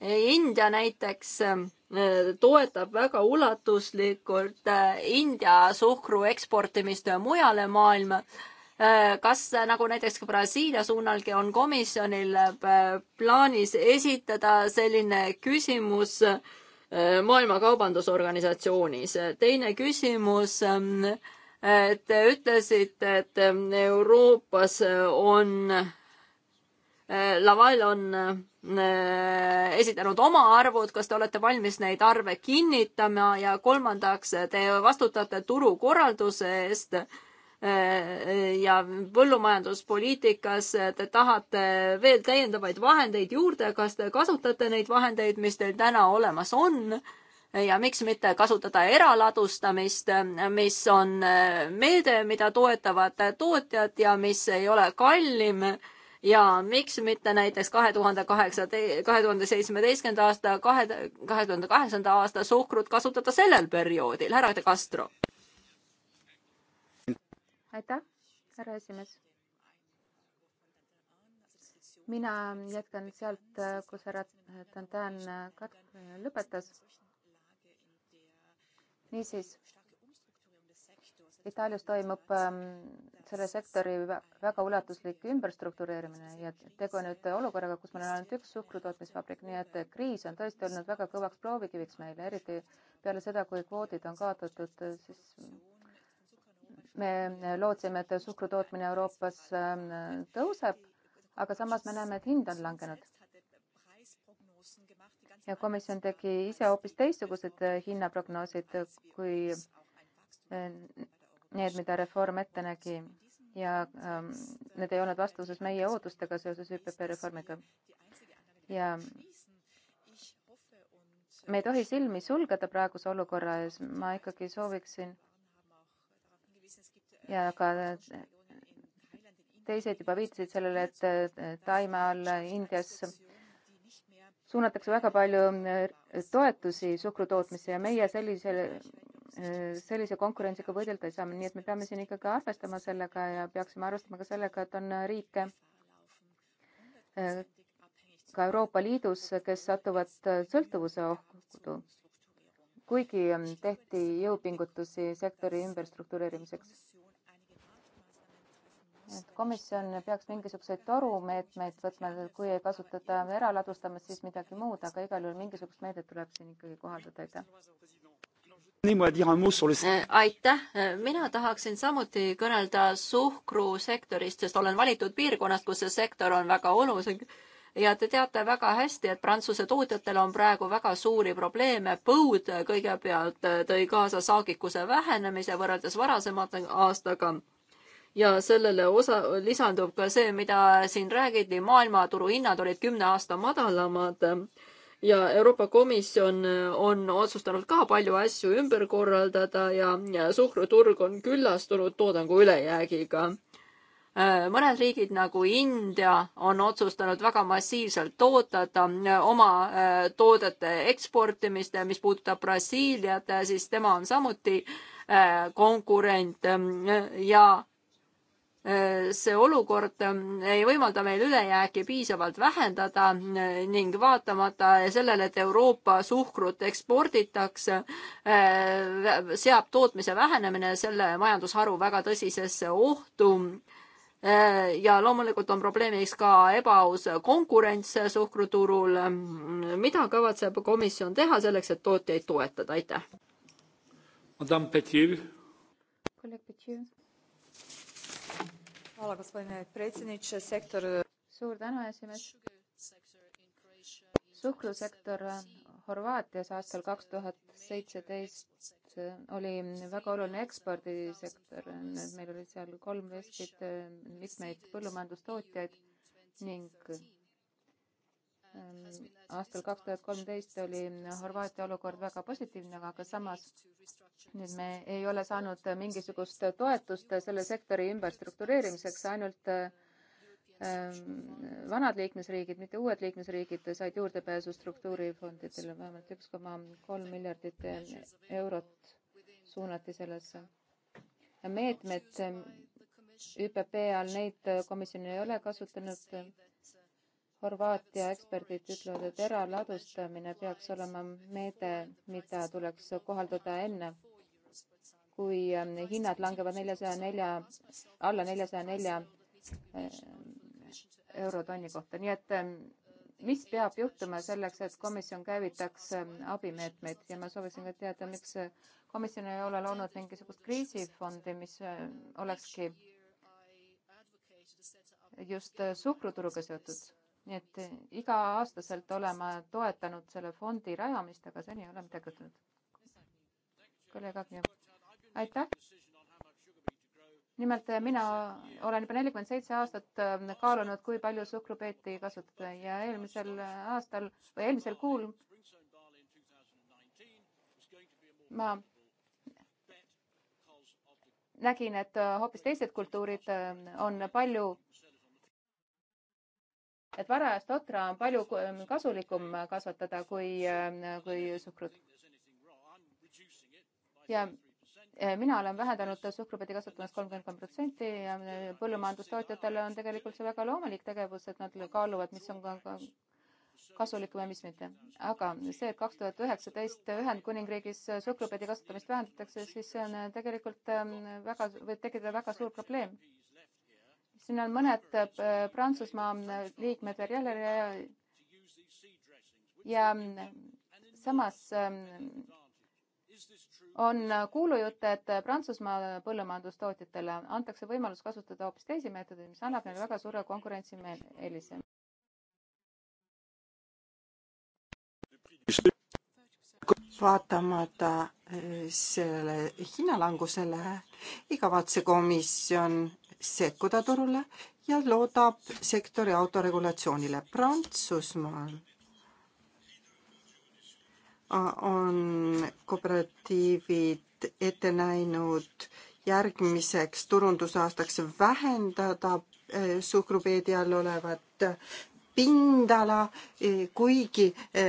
India näiteks äh, toetab väga ulatuslikult äh, India suhkru eksportimist mujale maailma. Äh, kas nagu näiteks ka Brasiilia suunalgi on komisjonil plaanis esitada selline küsimus Maailma Kaubandusorganisatsioonis? teine küsimus Te ütlesite, et Euroopas on, Laval on Äh, esitanud oma arvud, kas te olete valmis neid arve kinnitama ja kolmandaks, te vastutate turukorralduse eest äh, ja põllumajanduspoliitikas te tahate veel täiendavaid vahendeid juurde, kas te kasutate neid vahendeid, mis teil täna olemas on? ja miks mitte kasutada eraladustamist, mis on äh, meede, mida toetavad tootjad ja mis ei ole kallim ja miks mitte näiteks kahe tuhande kaheksa, kahe tuhande seitsmeteistkümnenda aasta, kahe, kahe tuhande kaheksanda aasta suhkrut kasutada sellel perioodil, härra De Castro. aitäh, härra esimees. mina jätkan sealt, kus härra Tantan lõpetas. niisiis Itaalias toimub ähm, selle sektori väga ulatuslik ümberstruktureerimine ja tegu on nüüd olukorraga, kus meil on ainult üks suhkrutootmisvabrik, nii et kriis on tõesti olnud väga kõvaks proovikiviks meile, eriti peale seda, kui kvoodid on kaotatud, siis me lootsime, et suhkru tootmine Euroopas ähm, tõuseb, aga samas me näeme, et hind on langenud. ja komisjon tegi ise hoopis teistsugused äh, hinnaprognoosid, kui äh, need, mida reform ette nägi ja ähm, need ei olnud vastuses meie ootustega seoses ÜPP reformiga. ja me ei tohi silmi sulgeda praeguse olukorra ees, ma ikkagi sooviksin ja ka teised juba viitasid sellele, et Taimaal, Indias suunatakse väga palju toetusi suhkrutootmisse ja meie sellisel Äh, sellise konkurentsiga võidelda ei saa, nii et me peame siin ikkagi arvestama sellega ja peaksime arvestama ka sellega, et on äh, riike äh, ka Euroopa Liidus, kes satuvad sõltuvuse ohtu, kuigi ähm, tehti jõupingutusi sektori ümberstruktureerimiseks. et komisjon peaks mingisuguseid torumeetmeid võtma, kui ei kasutata eraladustamist, siis midagi muud, aga igal juhul mingisugust meedet tuleb siin ikkagi kohaldada, aitäh. Äh, aitäh, äh, mina tahaksin samuti kõnelda suhkrusektorist, sest olen valitud piirkonnast, kus see sektor on väga oluline ja te teate väga hästi, et Prantsuse tootjatel on praegu väga suuri probleeme. põud kõigepealt äh, tõi kaasa saagikuse vähenemise võrreldes varasemate aastaga ja sellele osa, lisandub ka see, mida siin räägiti, maailmaturu hinnad olid kümne aasta madalamad ja Euroopa Komisjon äh, on otsustanud ka palju asju ümber korraldada ja, ja suhkruturg on küllastunud toodangu ülejäägiga. Äh, mõned riigid nagu India on otsustanud väga massiivselt toodata äh, oma toodete eksportimist ja mis puudutab Brasiiliat, siis tema on samuti konkurent ja see olukord ähm, ei võimalda meil ülejääki piisavalt vähendada äh, ning vaatamata sellele, et Euroopa suhkrut eksporditakse, äh, seab tootmise vähenemine selle majandusharu väga tõsisesse ohtu äh, ja loomulikult on probleemiks ka ebaaus konkurents suhkruturul. mida kavatseb komisjon teha selleks, et tootjaid toetada, aitäh? kolleeg Petir. Hvala gospodine predsjedniče. Sektor... suur tänu, esimees. suhkrusektor Horvaatias aastal kaks tuhat seitseteist oli väga oluline ekspordisektor, meil oli seal kolm veskit, mitmeid põllumajandustootjaid ning Ähm, uh, aastal kaks tuhat kolmteist oli äh, Horvaatia olukord väga positiivne, aga samas nüüd me ei ole saanud mingisugust toetust selle sektori ümberstruktureerimiseks, ainult ähm, vanad liikmesriigid, mitte uued liikmesriigid said juurdepääsu struktuurifondidele, vähemalt üks koma kolm miljardit äh, eurot suunati sellesse. meetmed ähm, ÜPP all, neid äh, komisjon ei ole kasutanud Horvaatia eksperdid ütlevad, et eraladustamine peaks olema meede, mida tuleks kohaldada enne, kui ähm, hinnad langevad 404, alla 404 äh, eurotonni kohta. Nii et ähm, mis peab juhtuma selleks, et komisjon käivitaks ähm, abimeetmeid ja ma soovisin ka teada, miks äh, komisjon ei ole loonud mingisugust kriisifondi, mis äh, olekski just suhkruturuga seotud nii et eh, iga-aastaselt olema toetanud selle fondi rajamist, aga seni oleme tegutsenud. kolleeg Agnew, aitäh. nimelt eh, mina olen juba nelikümmend seitse aastat eh, kaalunud, kui palju suhkrupeeti kasutada ja eelmisel aastal või eelmisel kuul ma nägin, et hoopis teised kultuurid on palju et varajast otra on palju ähm, kasulikum äh, kasvatada kui, äh, kui suhkrut. ja äh, mina olen vähendanud suhkrupedi kasutamist kolmkümmend kolm protsenti ja põllumajandustootjatele on tegelikult see väga loomulik tegevus, et nad kaaluvad, mis on ka kasulikum ja mis mitte. aga see, et kaks tuhat üheksateist Ühendkuningriigis suhkrupedi kasutamist vähendatakse, siis see on tegelikult ähm, väga, võib tekitada väga suur probleem siin on mõned äh, Prantsusmaa äh, liikmed veel jälle ja mm, samas mm, on kuulujutt, et Prantsusmaa põllumajandustootjatele antakse võimalus kasutada hoopis teisi meetodeid, mis annab neile väga suure konkurentsieelise. vaatamata äh, sellele hinnalangusele ei kavatse komisjon sekkuda turule ja loodab sektori autoregulatsioonile. Prantsusmaal on kooperatiivid ette näinud järgmiseks turundusaastaks vähendada e, suhkrupeedi all olevat pindala, e, kuigi e,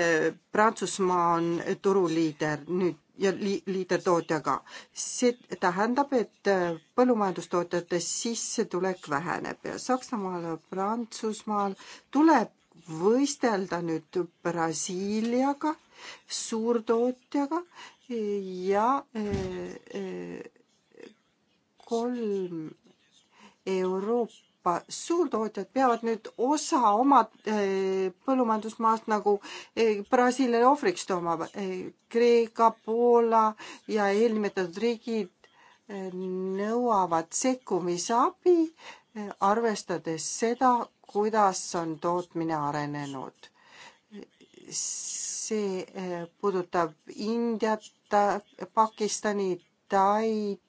Prantsusmaa on turuliider. nüüd ja li-, liidertootjaga. see tähendab, et äh, põllumajandustootjate sissetulek väheneb ja Saksamaal ja Prantsusmaal tuleb võistelda nüüd Brasiiliaga, suurtootjaga ja äh, äh, kolm Euroopa Euroopa suurtootjad peavad nüüd osa oma eh, põllumajandusmaast nagu eh, Brasiiliale ohvriks tooma. Eh, Kreeka, Poola ja eelnimetatud riigid nõuavad sekkumisabi, arvestades seda, kuidas on tootmine arenenud. see puudutab Indiat, Pakistani, Taid,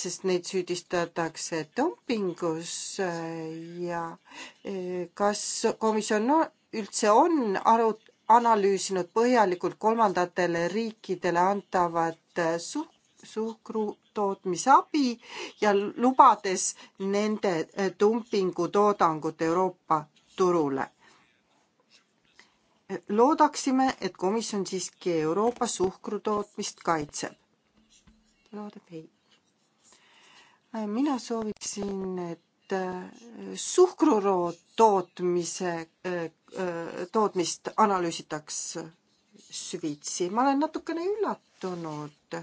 sest neid süüdistatakse dumpingus äh, ja äh, kas komisjon üldse on aru, analüüsinud põhjalikult kolmandatele riikidele antavat äh, suht-, suhkru tootmisabi ja lubades nende dumpingutoodangut Euroopa turule. loodaksime, et komisjon siiski Euroopa suhkrutootmist kaitseb. loodab ei mina sooviksin, et äh, suhkrurood tootmise, äh, äh, tootmist analüüsitaks süvitsi. ma olen natukene üllatunud,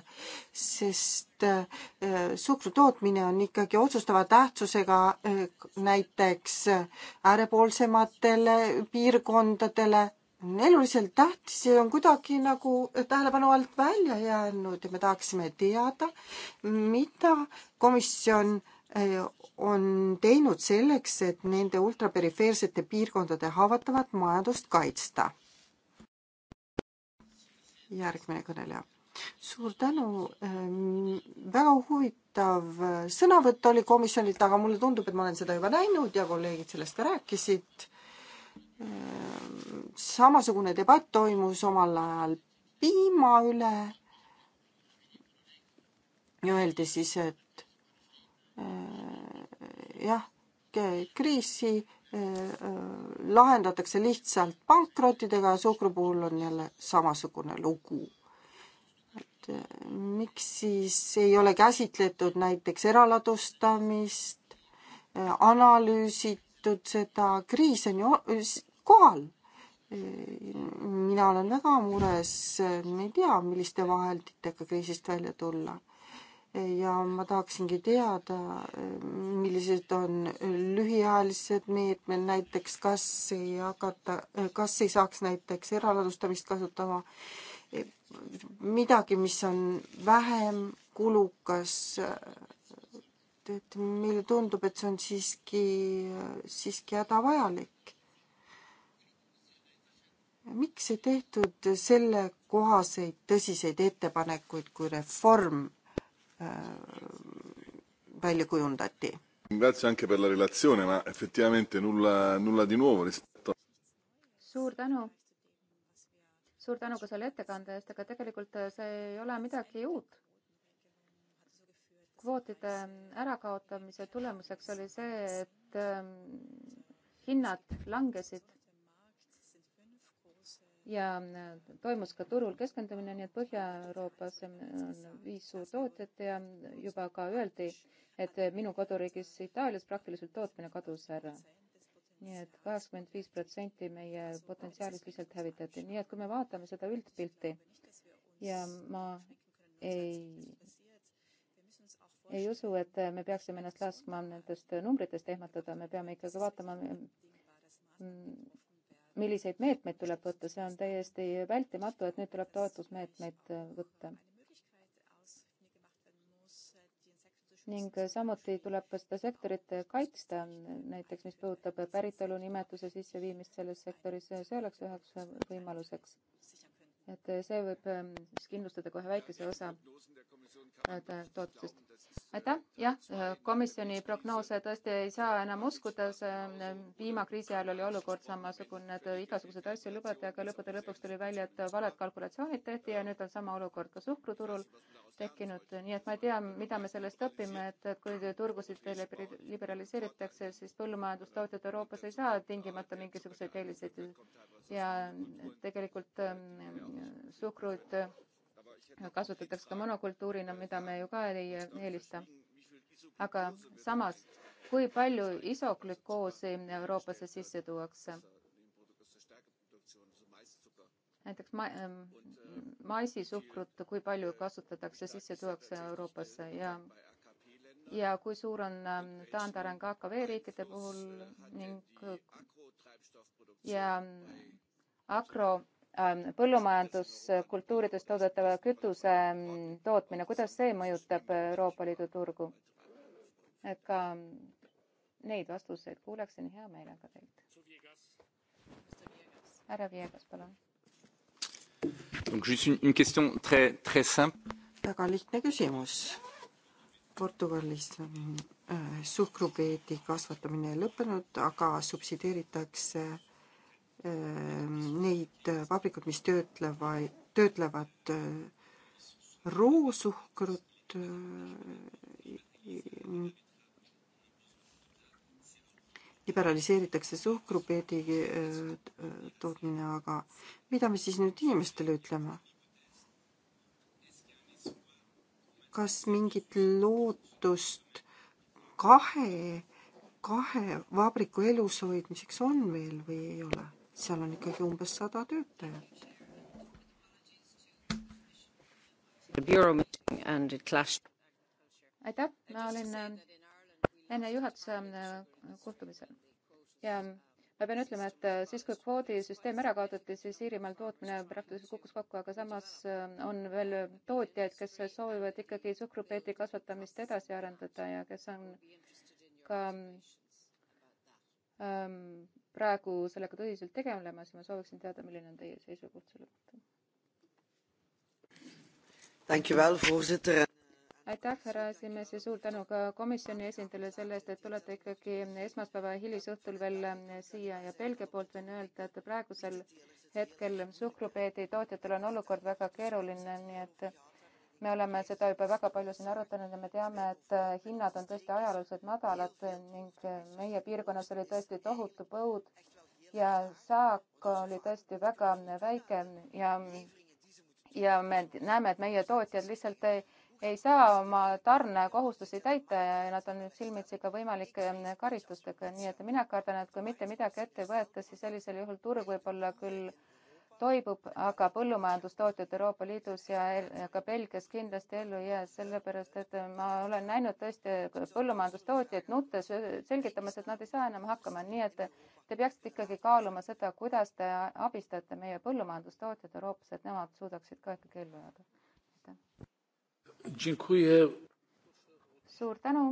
sest suhkru tootmine on ikkagi otsustava tähtsusega näiteks äärepoolsematele piirkondadele on eluliselt tähtis ja on kuidagi nagu tähelepanu alt välja jäänud ja me tahaksime teada, mida komisjon eh, on teinud selleks, et nende ultraperifeersete piirkondade haavatavat majandust kaitsta. järgmine kõneleja. suur tänu, eh, väga huvitav sõnavõtt oli komisjonilt, aga mulle tundub, et ma olen seda juba näinud ja kolleegid sellest ka rääkisid samasugune debatt toimus omal ajal piima üle. Öeldi siis, et äh, jah, kriisi äh, äh, lahendatakse lihtsalt pankrottidega ja suhkru puhul on jälle samasugune lugu. et miks siis ei ole käsitletud näiteks eraladustamist, analüüsitud seda, kriis on ju kohal. mina olen väga mures, me ei tea, milliste vahenditega kriisist välja tulla. ja ma tahaksingi teada, millised on lühiajalised meetmed, näiteks kas ei hakata, kas ei saaks näiteks eraladustamist kasutama midagi, mis on vähem kulukas. et meile tundub, et see on siiski, siiski hädavajalik miks ei tehtud sellekohaseid tõsiseid ettepanekuid, kui reform äh, välja kujundati? Grazie anche per la relazione, ma effettivamente nulla, nulla di nuovo rispetto. suur tänu. suur tänu ka selle ettekande eest, aga tegelikult äh, see ei ole midagi uut. kvootide ähm, ärakaotamise tulemuseks oli see, et ähm, hinnad langesid ja äh, toimus ka turul keskendumine, nii et Põhja-Euroopas on äh, viis suurtootjat ja äh, juba ka öeldi, et minu koduriigis Itaalias praktiliselt tootmine kadus ära. nii et kaheksakümmend viis protsenti meie potentsiaalist lihtsalt hävitati, nii et kui me vaatame seda üldpilti ja ma ei, ei usu, et me peaksime ennast laskma nendest numbritest ehmatada, me peame ikkagi vaatama mm, milliseid meetmeid tuleb võtta, see on täiesti vältimatu, et nüüd tuleb toetusmeetmeid äh, võtta. ning äh, samuti tuleb seda sektorit äh, kaitsta, näiteks mis puudutab päritolu nimetuse sisseviimist selles sektoris, see oleks üheks võimaluseks. et see võib ähm, kindlustada kohe väikese osa tootlusest aitäh, jah, komisjoni prognoose tõesti ei saa enam uskuda, see piimakriisi äh, ajal oli olukord samasugune, et igasuguseid asju lubati, aga lõppude lõpuks tuli välja, et valed kalkulatsioonid tehti ja nüüd on sama olukord ka suhkruturul tekkinud, nii et ma ei tea, mida me sellest õpime, et, et kui turgusid liberaliseeritakse, siis põllumajandustootjad Euroopas ei saa tingimata mingisuguseid eeliseid ja tegelikult ähm, suhkrut kasutatakse ka monokultuurina, mida me ju ka ei eelista. aga samas, kui palju isoglükoosi Euroopasse sisse tuuakse? näiteks ma-, ähm, maisisuhkrut, kui palju kasutatakse, sisse tuuakse Euroopasse ja ja kui suur on ähm, taandareng AKV riikide puhul ning ja ähm, agro Ähm, põllumajanduskultuuridest toodetava kütuse mm, tootmine, kuidas see mõjutab äh, Euroopa Liidu turgu? et ka mm, neid vastuseid kuuleksin hea meelega teilt. härra Viegas, palun. väga lihtne küsimus. Portugalis on äh, suhkrupeedi kasvatamine lõppenud, aga subsideeritakse äh, Ehm, neid vabrikuid, äh, mis töötlevad, töötlevad äh, roosuhkrut. Äh, liberaliseeritakse suhkrupeedi tootmine, aga mida me siis nüüd inimestele ütleme? kas mingit lootust kahe, kahe vabriku elus hoidmiseks on veel või ei ole? seal on ikkagi umbes sada töötajat. aitäh, ma olin äh, enne juhatuse äh, kohtumisel ja ma pean ütlema, et äh, siis, kui kvoodisüsteem ära kaotati, siis Iirimaal tootmine praktiliselt kukkus kokku, aga samas on veel tootjaid, kes soovivad ikkagi suhkrupeeti kasvatamist edasi arendada ja kes on ka ähm, praegu sellega tõsiselt tegelemas ja ma sooviksin teada, milline on teie seisukoht selle kohta. aitäh, härra esimees ja suur tänu ka komisjoni esindajale selle eest, et tulete ikkagi esmaspäeva hilisõhtul veel siia ja Belgia poolt võin öelda, et praegusel hetkel suhkrupeedi tootjatel on olukord väga keeruline, nii et me oleme seda juba väga palju siin arutanud ja me teame, et äh, hinnad on tõesti ajalooliselt madalad äh, ning äh, meie piirkonnas oli tõesti tohutu põud ja saak oli tõesti väga väike ja, ja me näeme, et meie tootjad lihtsalt ei, ei saa oma tarnekohustusi täita ja nad on nüüd silmitsi ka võimalike karistustega, nii et mina kardan, et kui mitte midagi ette ei võeta, siis sellisel juhul turg võib olla küll toimub, aga põllumajandustootjad Euroopa Liidus ja ka Belgias kindlasti ellu ei jää, sellepärast et ma olen näinud tõesti põllumajandustootjaid nuttes selgitamas, et nad ei saa enam hakkama, nii et te peaksite ikkagi kaaluma seda, kuidas te abistate meie põllumajandustootjad Euroopas, et nemad suudaksid ka ikkagi ellu jääda. suur tänu.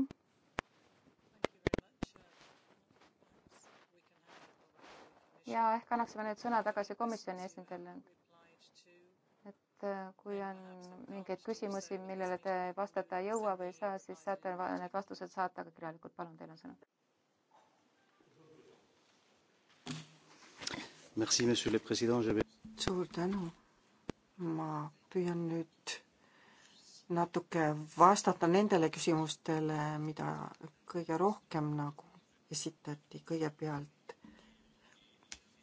ja ehk annaksime nüüd sõna tagasi komisjoni esindajale. et äh, kui on mingeid küsimusi, millele te vastata ei jõua või ei saa, siis saate need vastused saata ka kirjalikult. palun, teil on sõna. Merci, monsieur le president. suur tänu. ma püüan nüüd natuke vastata nendele küsimustele, mida kõige rohkem nagu esitati kõigepealt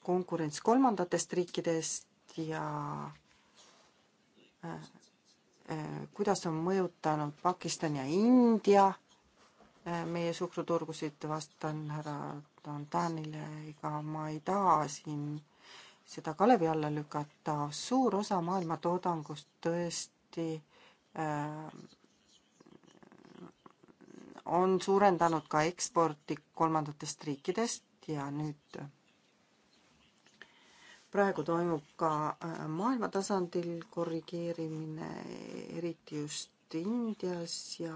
konkurents kolmandatest riikidest ja äh, äh, kuidas on mõjutanud Pakistan ja India äh, meie suhkruturgusid, vastan härra Dantanile, ega ma ei taha siin seda kalevi alla lükata, suur osa maailma toodangust tõesti on suurendanud ka eksporti kolmandatest riikidest ja nüüd praegu toimub ka äh, maailma tasandil korrigeerimine, eriti just Indias ja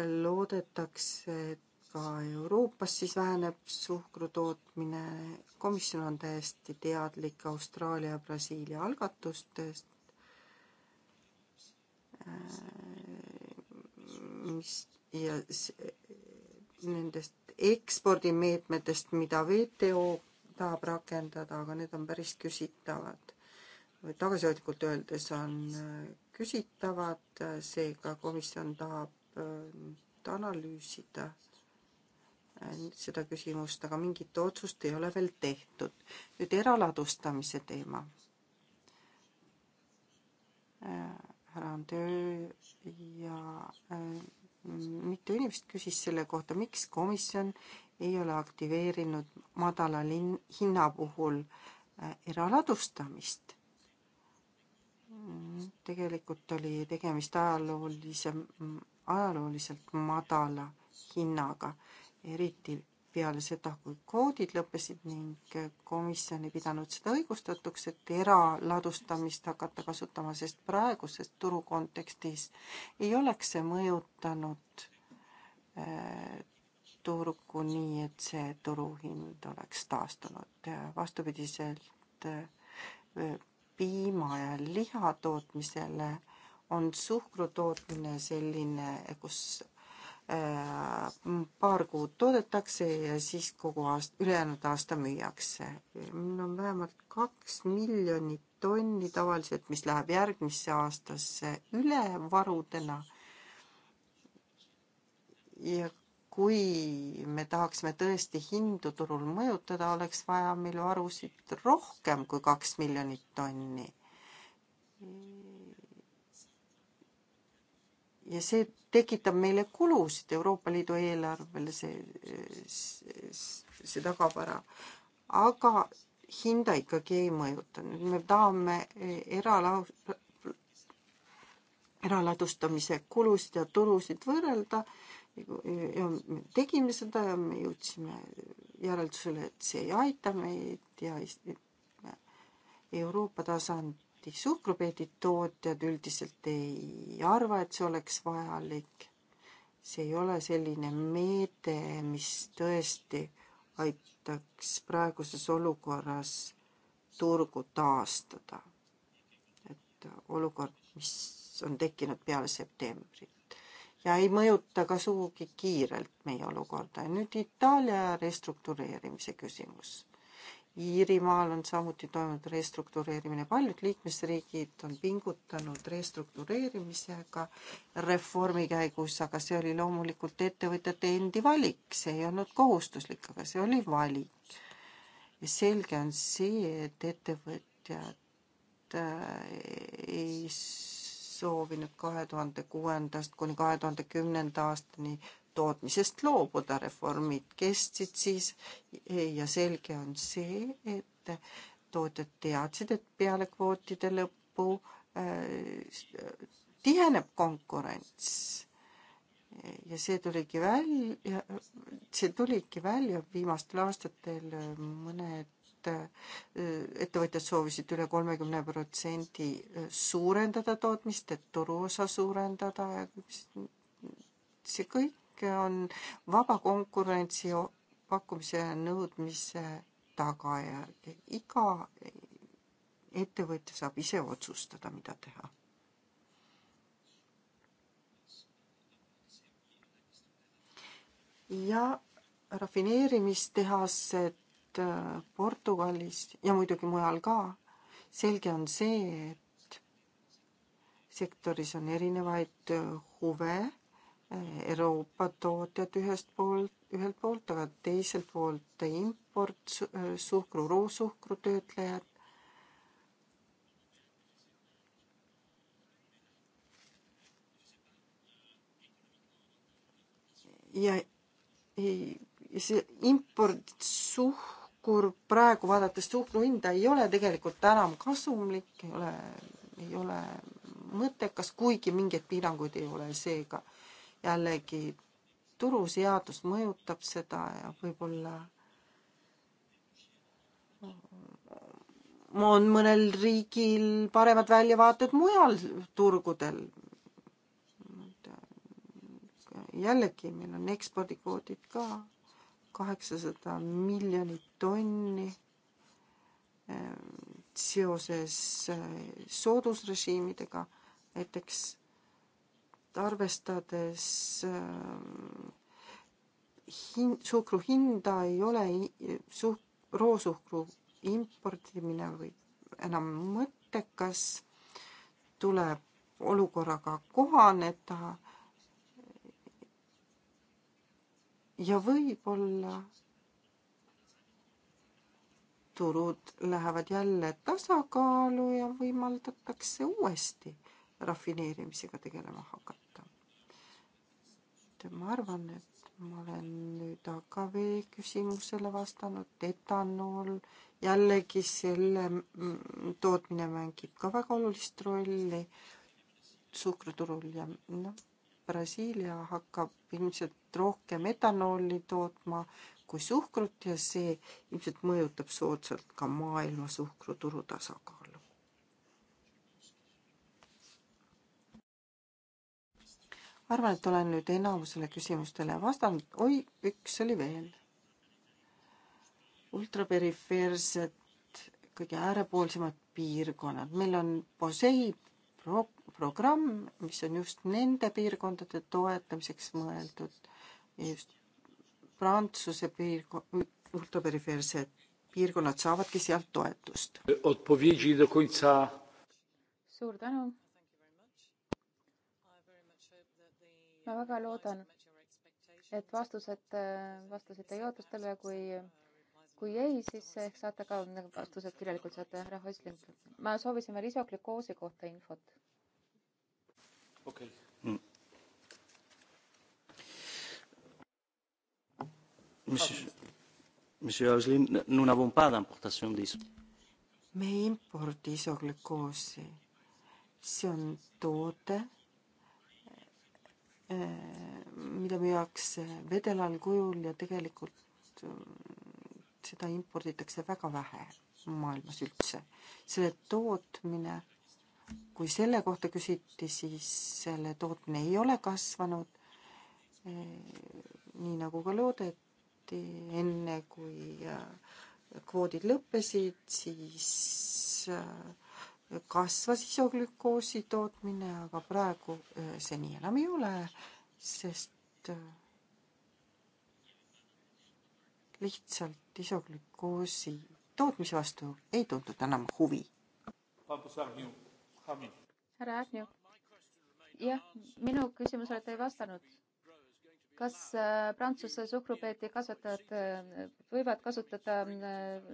äh, loodetakse, et ka Euroopas siis väheneb suhkru tootmine. komisjon on täiesti teadlik Austraalia ja Brasiilia algatustest, äh, mis ja nendest ekspordimeetmetest, mida WTO tahab rakendada, aga need on päris küsitavad. tagasihoidlikult öeldes on äh, küsitavad, äh, seega komisjon tahab äh, analüüsida seda küsimust, aga mingit otsust ei ole veel tehtud. nüüd eraladustamise teema. härra Andrei ja mitu inimest küsis selle kohta, miks komisjon ei ole aktiveerinud madala linn, hinna puhul äh, eraladustamist. Mm, tegelikult oli tegemist ajaloolise, mm, ajalooliselt madala hinnaga, eriti peale seda, kui kvoodid lõppesid ning komisjon ei pidanud seda õigustatuks, et eraladustamist hakata kasutama, sest praeguses turu kontekstis ei oleks see mõjutanud äh, turgu nii, et see turuhind oleks taastunud. vastupidiselt äh, piima ja liha tootmisele on suhkru tootmine selline, kus äh, paar kuud toodetakse ja siis kogu aast-, ülejäänud aasta müüakse. meil on vähemalt kaks miljonit tonni tavaliselt, mis läheb järgmisse aastasse üle varudena. ja kui me tahaksime tõesti hindu turul mõjutada, oleks vaja meil varusid rohkem kui kaks miljonit tonni. ja see tekitab meile kulusid Euroopa Liidu eelarvele, see, see tagab ära. aga hinda ikkagi ei mõjuta, nüüd me tahame erala-, eraladustamise kulusid ja tulusid võrrelda ja me tegime seda ja me jõudsime järeldusele, et see ei aita meid ja Euroopa tasandi suhkrupeeditootjad üldiselt ei arva, et see oleks vajalik. see ei ole selline meede, mis tõesti aitaks praeguses olukorras turgu taastada. et olukord, mis on tekkinud peale septembrit ja ei mõjuta ka sugugi kiirelt meie olukorda. ja nüüd Itaalia restruktureerimise küsimus. Iirimaal on samuti toimunud restruktureerimine, paljud liikmesriigid on pingutanud restruktureerimisega reformi käigus, aga see oli loomulikult ettevõtjate endi valik, see ei olnud kohustuslik, aga see oli valik. ja selge on see, et ettevõtjad äh, ei soovinud kahe tuhande kuuendast kuni kahe tuhande kümnenda aastani tootmisest loobuda, reformid kestsid siis ja selge on see, et tootjad teadsid, et peale kvootide lõppu äh, tiheneb konkurents ja see tuligi välja, see tuligi välja viimastel aastatel äh, mõned et äh, ettevõtjad soovisid üle kolmekümne protsendi äh, suurendada tootmist, et turuosa suurendada. see kõik on vaba konkurentsi pakkumise ja nõudmise tagajärg. iga ettevõtja saab ise otsustada, mida teha ja rafineerimistehased Äh, Portugalis ja muidugi mujal ka. selge on see, et sektoris on erinevaid äh, huve. Äh, Euroopa tootjad ühest poolt, ühelt poolt, aga teiselt poolt import, suhkru, roosuhkru töötlejad. ja ei, see impordsuhk turg praegu vaadates suhkru hinda ei ole tegelikult enam kasumlik, ei ole, ei ole mõttekas, kuigi mingeid piiranguid ei ole, seega jällegi turuseadus mõjutab seda ja võib-olla on mõnel riigil paremad väljavaated mujal turgudel. jällegi, meil on ekspordikvoodid ka kaheksasada miljonit tonni ehm, seoses eh, soodusrežiimidega, näiteks arvestades ehm, hin-, suhkru hinda ei ole suh-, roosuhkru importimine või enam mõttekas, tuleb olukorraga kohaneda ja võib-olla turud lähevad jälle tasakaalu ja võimaldatakse uuesti rafineerimisega tegelema hakata. et ma arvan, et ma olen nüüd AKV küsimusele vastanud, etanool, jällegi selle tootmine mängib ka väga olulist rolli suhkruturul ja noh, Brasiilia hakkab ilmselt rohkem etanooli tootma kui suhkrut ja see ilmselt mõjutab soodsalt ka maailma suhkruturu tasakaalu. arvan, et olen nüüd enamusele küsimustele vastanud. oi, üks oli veel. ultraperifeersed, kõige äärepoolsemad piirkonnad. meil on Posei pro-, programm, mis on just nende piirkondade toetamiseks mõeldud, just Prantsuse piirko-, ultraperifeersed piirkonnad saavadki sealt toetust. suur tänu. ma väga loodan, et vastused äh, vastasid teie ootustele, kui, kui ei, siis ehk äh, saate ka vastused kirjalikult saate, härra Häusling. ma soovisin veel isoklikoosi kohta infot okei okay. mm.. Monsieur, Monsieur Ausli, nous n'avons pas d'importation d'isoglucoosi. me ei impordi isoglükoosi. see on toode, eh, mida müüakse vedelal kujul ja tegelikult mm, seda imporditakse väga vähe maailmas üldse. selle tootmine kui selle kohta küsiti, siis selle tootmine ei ole kasvanud. nii nagu ka loodeti, enne kui äh, kvoodid lõppesid, siis äh, kasvas isoglükoosi tootmine, aga praegu äh, see nii enam ei ole, sest lihtsalt isoglükoosi tootmise vastu ei tuntud enam huvi. Pan poseł Agniu härra Agnew. jah, minu küsimusele te ei vastanud. kas äh, Prantsuse suhkrupeeti kasvatajad äh, võivad kasutada äh,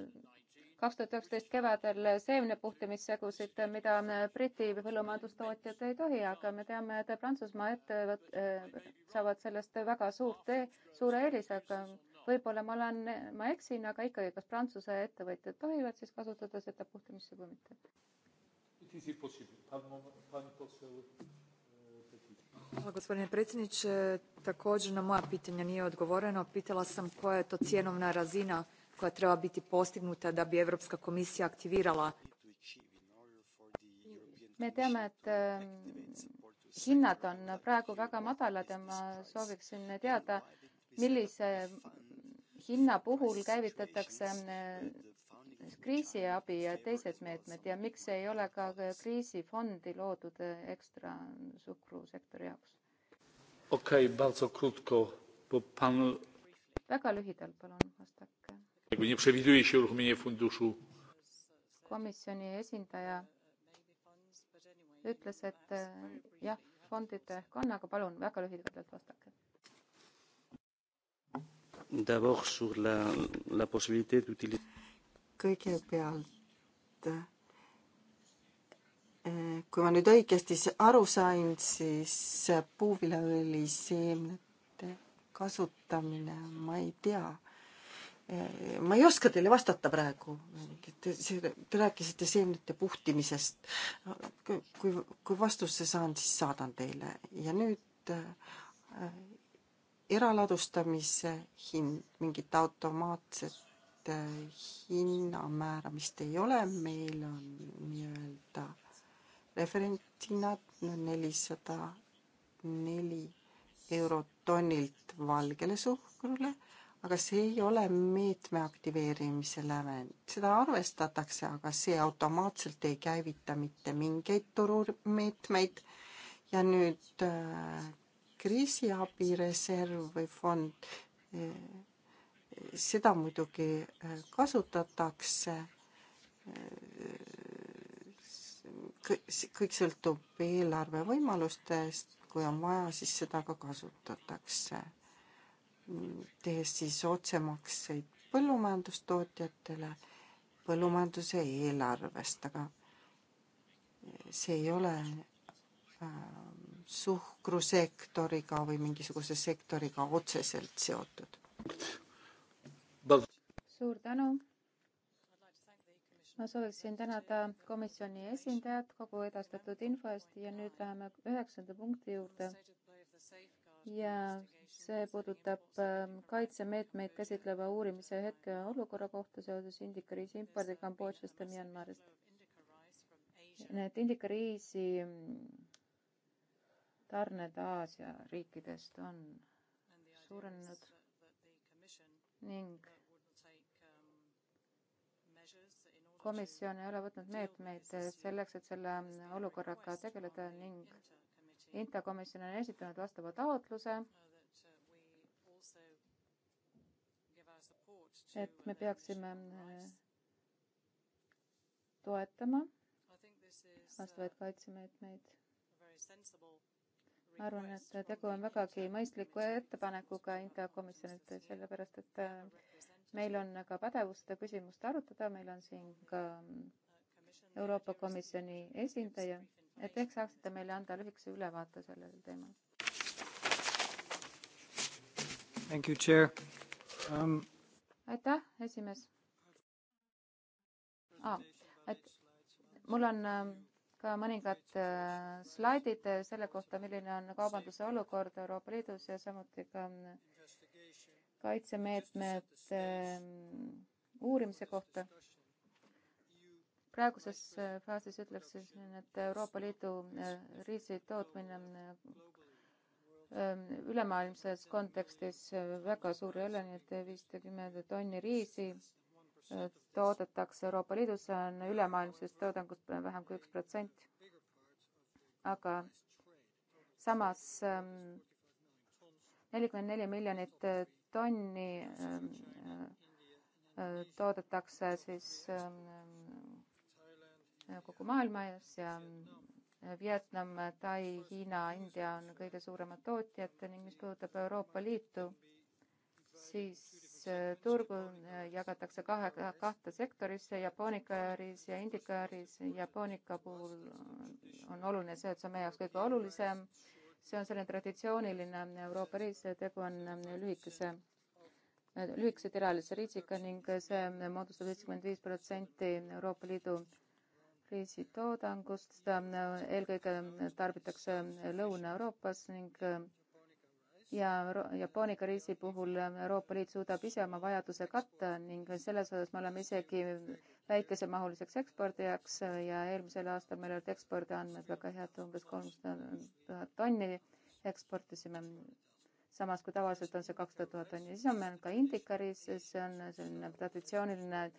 kaks tuhat üheksateist kevadel seemnepuhtimissegusid, mida Briti põllumajandustootjad ei tohi, aga me teame, et Prantsusmaa ettevõt- saavad sellest väga suurt, suure eelise, aga võib-olla ma olen, ma eksin, aga ikkagi, kas Prantsuse ettevõtjad tohivad siis kasutada seda puhtimissegu või mitte? E, gospodine predsjednie takoer na moja pitanja nije odgovoreno. pitala sam koja je to cjenovna razina koja treba biti postignuta da bi europska komisija aktivirala me teame et hinnad on praegu väga madalad ja ma sooviksin teada millise hinna puhul käivitatakse kriisiabi ja teised meetmed ja miks ei ole ka kriisifondi loodud ekstra suhkrusektori jaoks? okei okay,, bardzo krótko, bo pan. väga lühidalt, palun vastake. nie przewiduje się uruchomienie funduszu. komisjoni esindaja ütles, et eh, jah, fondid ehk on, aga palun väga lühidalt vastake. D'abord sur la, la possibilité d'utiliser kõigepealt, eh, kui ma nüüd õigesti aru sain, siis puuvilaõli seemnete kasutamine, ma ei tea. Eh, ma ei oska teile vastata praegu. Te, te rääkisite seemnete puhtimisest. kui, kui vastuse saan, siis saadan teile ja nüüd eh, eraladustamise hind, mingit automaatset Äh, hinna määramist ei ole, meil on nii-öelda referentshinnad nelisada neli eurot tonnilt valgele suhkrule, aga see ei ole meetme aktiveerimise lävend. seda arvestatakse, aga see automaatselt ei käivita mitte mingeid turumeetmeid. ja nüüd äh, kriisiabireserv või fond äh, seda muidugi äh, kasutatakse. Äh, kõik sõltub eelarve võimalustest, kui on vaja, siis seda ka kasutatakse. tehes siis otsemakseid põllumajandustootjatele põllumajanduse eelarvest, aga see ei ole äh, suhkrusektoriga või mingisuguse sektoriga otseselt seotud suur tänu. ma sooviksin tänada komisjoni esindajat kogu edastatud info eest ja nüüd läheme üheksanda punkti juurde. ja see puudutab ähm, kaitsemeetmeid käsitleva uurimise hetkeolukorra kohta seoses indikariisi impordiga Kambodžast ja Myanmarist. Need indikariisi mm, tarned Aasia riikidest on suurenenud ning komisjon ei ole võtnud meetmeid selleks, et selle olukorraga tegeleda ning INTA komisjon on esitanud vastava taotluse, et me peaksime äh, toetama vastavaid kaitsemeetmeid. ma arvan, et tegu on vägagi mõistliku ettepanekuga INTA komisjonilt, sellepärast et äh, meil on ka pädevus seda küsimust arutada, meil on siin ka Euroopa Komisjoni esindaja, et ehk saaksite meile anda lühikese ülevaate sellel teemal. Thank you, chair um.... aitäh, esimees ah,. et mul on ähm, ka mõningad äh, slaidid selle kohta, milline on kaubanduse olukord Euroopa Liidus ja samuti ka äh, kaitsemeetmed ähm, uurimise kohta. praeguses äh, faasis ütleks, et Euroopa Liidu äh, riisi tootmine äh, ähm, ülemaailmses kontekstis väga suur ei ole, nii et viiskümmend tonni riisi toodetakse Euroopa Liidus, see on ülemaailmsest toodangust vähem kui üks protsent. aga samas ähm, nelikümmend neli miljonit tonni ähm, äh, äh, toodetakse siis ähm, äh, kogu maailma ees ja Vietnam, Tai, Hiina, India on kõige suuremad tootjad ning mis puudutab Euroopa Liitu, siis turgu jagatakse kahe, kahte sektorisse, jaapaanikaaris ja indikaaris. jaapaanika puhul on oluline see, et see on meie jaoks kõige olulisem see on selline traditsiooniline Euroopa reis, tegu on ähm, lühikese, äh, lühikese tiralise riisiga ning äh, see äh, moodustab seitsekümmend viis protsenti Euroopa Liidu reisitoodangust, seda eelkõige tarbitakse Lõuna-Euroopas ning ja Jaapaanika reisi puhul Euroopa Liit suudab ise oma vajaduse katta ning selles osas me oleme isegi väikesemahuliseks ekspordijaks äh, ja eelmisel aastal meil olid ekspordiandmed väga head, umbes kolmsada tuhat tonni eksportisime. samas kui tavaliselt on see kakssada tuhat tonni, siis on meil ka indikariis, see on selline traditsiooniline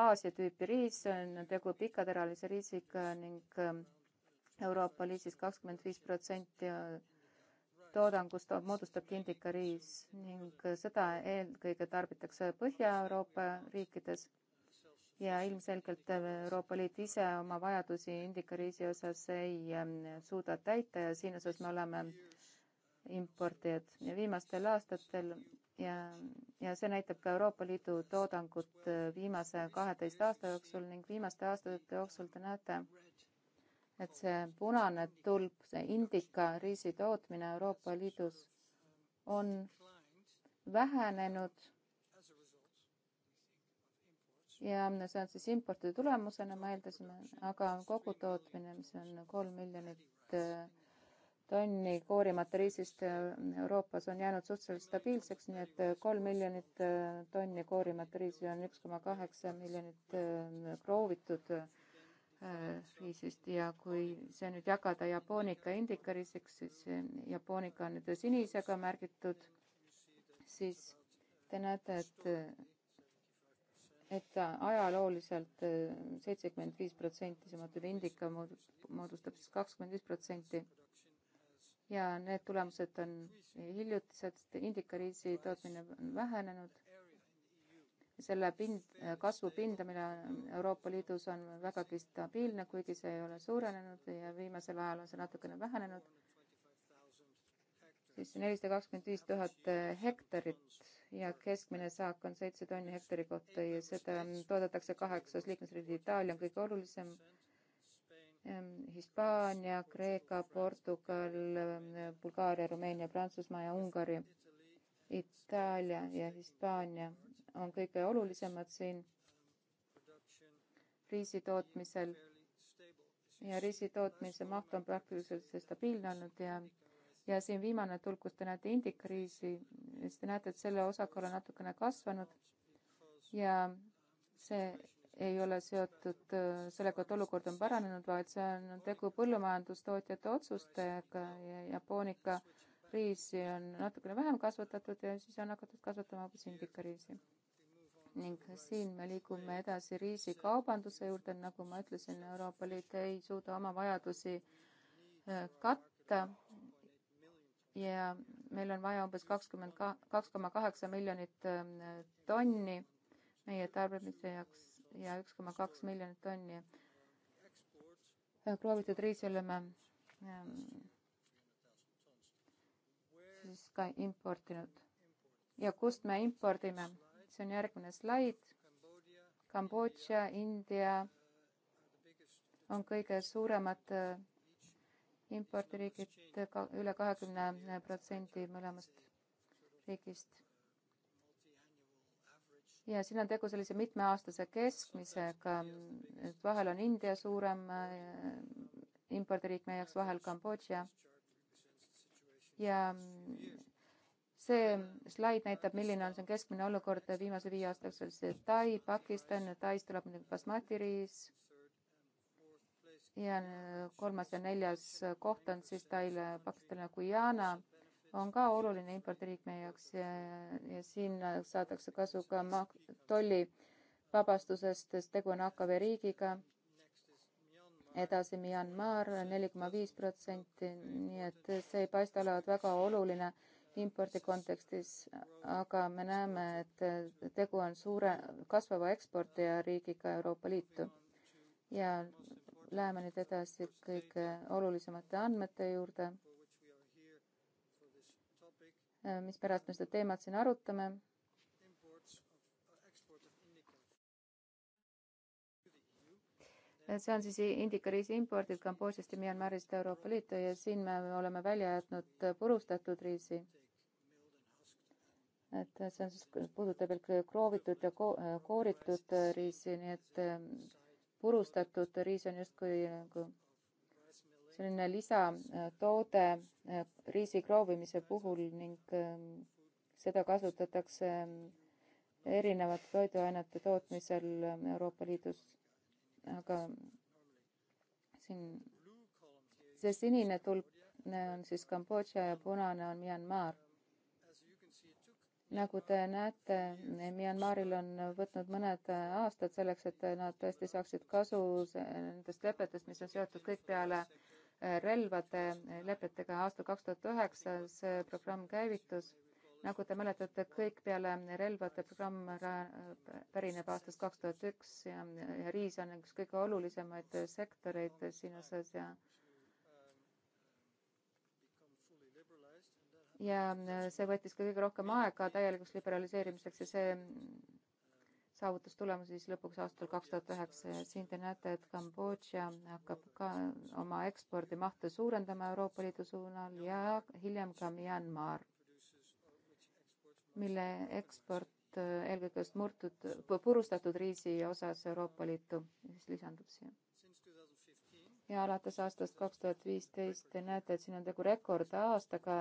Aasia tüüpi riis, on tegu pikateralise riisiga ning äh, Euroopa liisis kakskümmend viis protsenti toodangust moodustab kindikariis ning äh, seda eelkõige tarbitakse Põhja-Euroopa riikides ja ilmselgelt äh, Euroopa Liit ise oma vajadusi indikariisi osas ei ähm, suuda täita ja siin osas me oleme importijad ja viimastel aastatel ja, ja see näitab ka Euroopa Liidu toodangut äh, viimase kaheteist aasta jooksul ning viimaste aastate jooksul te näete, et see punane tulp, see indika riisi tootmine Euroopa Liidus on vähenenud ja see on siis importi tulemusena, me eeldasime, aga kogutootmine, mis on kolm miljonit äh, tonni koorimateriisist äh, Euroopas on jäänud suhteliselt stabiilseks, nii et äh, kolm miljonit tonni koorimateriisi on üks koma kaheksa miljonit kroovitud riisist ja kui see nüüd jagada Jaapanika indikariisiks, siis Jaapanika on nüüd sinisega märgitud, siis te näete, et et ajalooliselt äh, seitsekümmend viis protsenti, see moodustab indika, moodustab siis kakskümmend viis protsenti. ja need tulemused on hiljutised, indikariisi tootmine on vähenenud. selle pind, kasvu pindamine Euroopa Liidus on vägagi stabiilne, kuigi see ei ole suurenenud ja viimasel ajal on see natukene vähenenud. siis nelisada kakskümmend viis tuhat hektarit ja keskmine saak on seitse tonni hektari kohta ja seda toodetakse kaheksas liikmesriigis. Itaalia on kõige olulisem, ehm, Hispaania, Kreeka, Portugal, ehm, Bulgaaria, Rumeenia, Prantsusmaa ja Ungari. Itaalia ja Hispaania on kõige olulisemad siin riisi tootmisel ja riisi tootmise maht on praktiliselt stabiilne olnud ja ja siin viimane tulg, kus te näete indikriisi, siis te näete, et selle osakaal on natukene kasvanud ja see ei ole seotud äh, sellega, et olukord on paranenud, vaid see on tegu põllumajandustootjate otsustega ja Jaapanika riisi on natukene vähem kasvatatud ja siis on hakatud kasvatama hoopis indikariisi. ning siin me liigume edasi riisikaubanduse juurde, nagu ma ütlesin, Euroopa Liit ei suuda oma vajadusi äh, katta ja meil on vaja umbes kakskümmend, kaks koma kaheksa miljonit ähm, tonni meie tarbimise jaoks ja üks koma kaks miljonit tonni proovitud riisi oleme ähm, siis ka importinud. ja kust me impordime, see on järgmine slaid. Kambodža, India on kõige suuremad äh, importriigid üle kahekümne protsendi mõlemast riigist. ja siin on tegu sellise mitmeaastase keskmisega, et vahel on India suurem äh, impordiriik meie jaoks, vahel Kambodža. ja mm, see slaid näitab, milline on see keskmine olukord viimase viie aasta jooksul, see Tai, Pakistan, Tais tuleb muidugi basmati riis ja kolmas ja neljas koht on siis Taile, Pakistanile, Guyana on ka oluline impordiriik meie jaoks ja, ja siin saadakse kasu ka mak-, tollivabastusest, sest tegu on AKV riigiga. edasi Myanmar neli koma viis protsenti, nii et see ei paista olevat väga oluline impordi kontekstis, aga me näeme, et tegu on suure, kasvava eksportija riigiga Euroopa Liitu. ja Läheme nüüd edasi kõige äh, olulisemate andmete juurde, äh, mispärast me seda teemat siin arutame. see on siis indikariisi impordid Kambodžast ja Myanmarist Euroopa Liitu ja siin me oleme välja jätnud purustatud riisi. et see on siis, puudutab veel kroovitud ja kooritud riisi, nii et äh, purustatud riis on justkui nagu selline lisatoode äh, äh, riisi kroovimise puhul ning ähm, seda kasutatakse ähm, erinevate toiduainete tootmisel ähm, Euroopa Liidus. aga siin see sinine tulp äh, on siis Kambodža ja punane on Myanmar nagu te näete, Myanmaril on võtnud mõned aastad selleks, et nad tõesti saaksid kasu nendest lepetest, mis on seotud kõik peale eh, relvade lepetega. aastal kaks tuhat üheksa see programm käivitus. nagu te mäletate, kõik peale relvade programm pärineb aastast kaks tuhat üks ja riis on üks kõige olulisemaid sektoreid siin osas ja ja mm, see võttis ka kõige rohkem aega täielikuks liberaliseerimiseks ja see mm, saavutas tulemusi siis lõpuks aastal kaks tuhat üheksa ja siin te näete, et Kambodža hakkab ka oma ekspordimahte suurendama Euroopa Liidu suunal ja hiljem ka Myanmar, mille eksport äh, eelkõige just murtud, purustatud riisi osas Euroopa Liitu siis lisandub siia. ja alates aastast kaks tuhat viisteist te näete, et siin on tegu rekordaastaga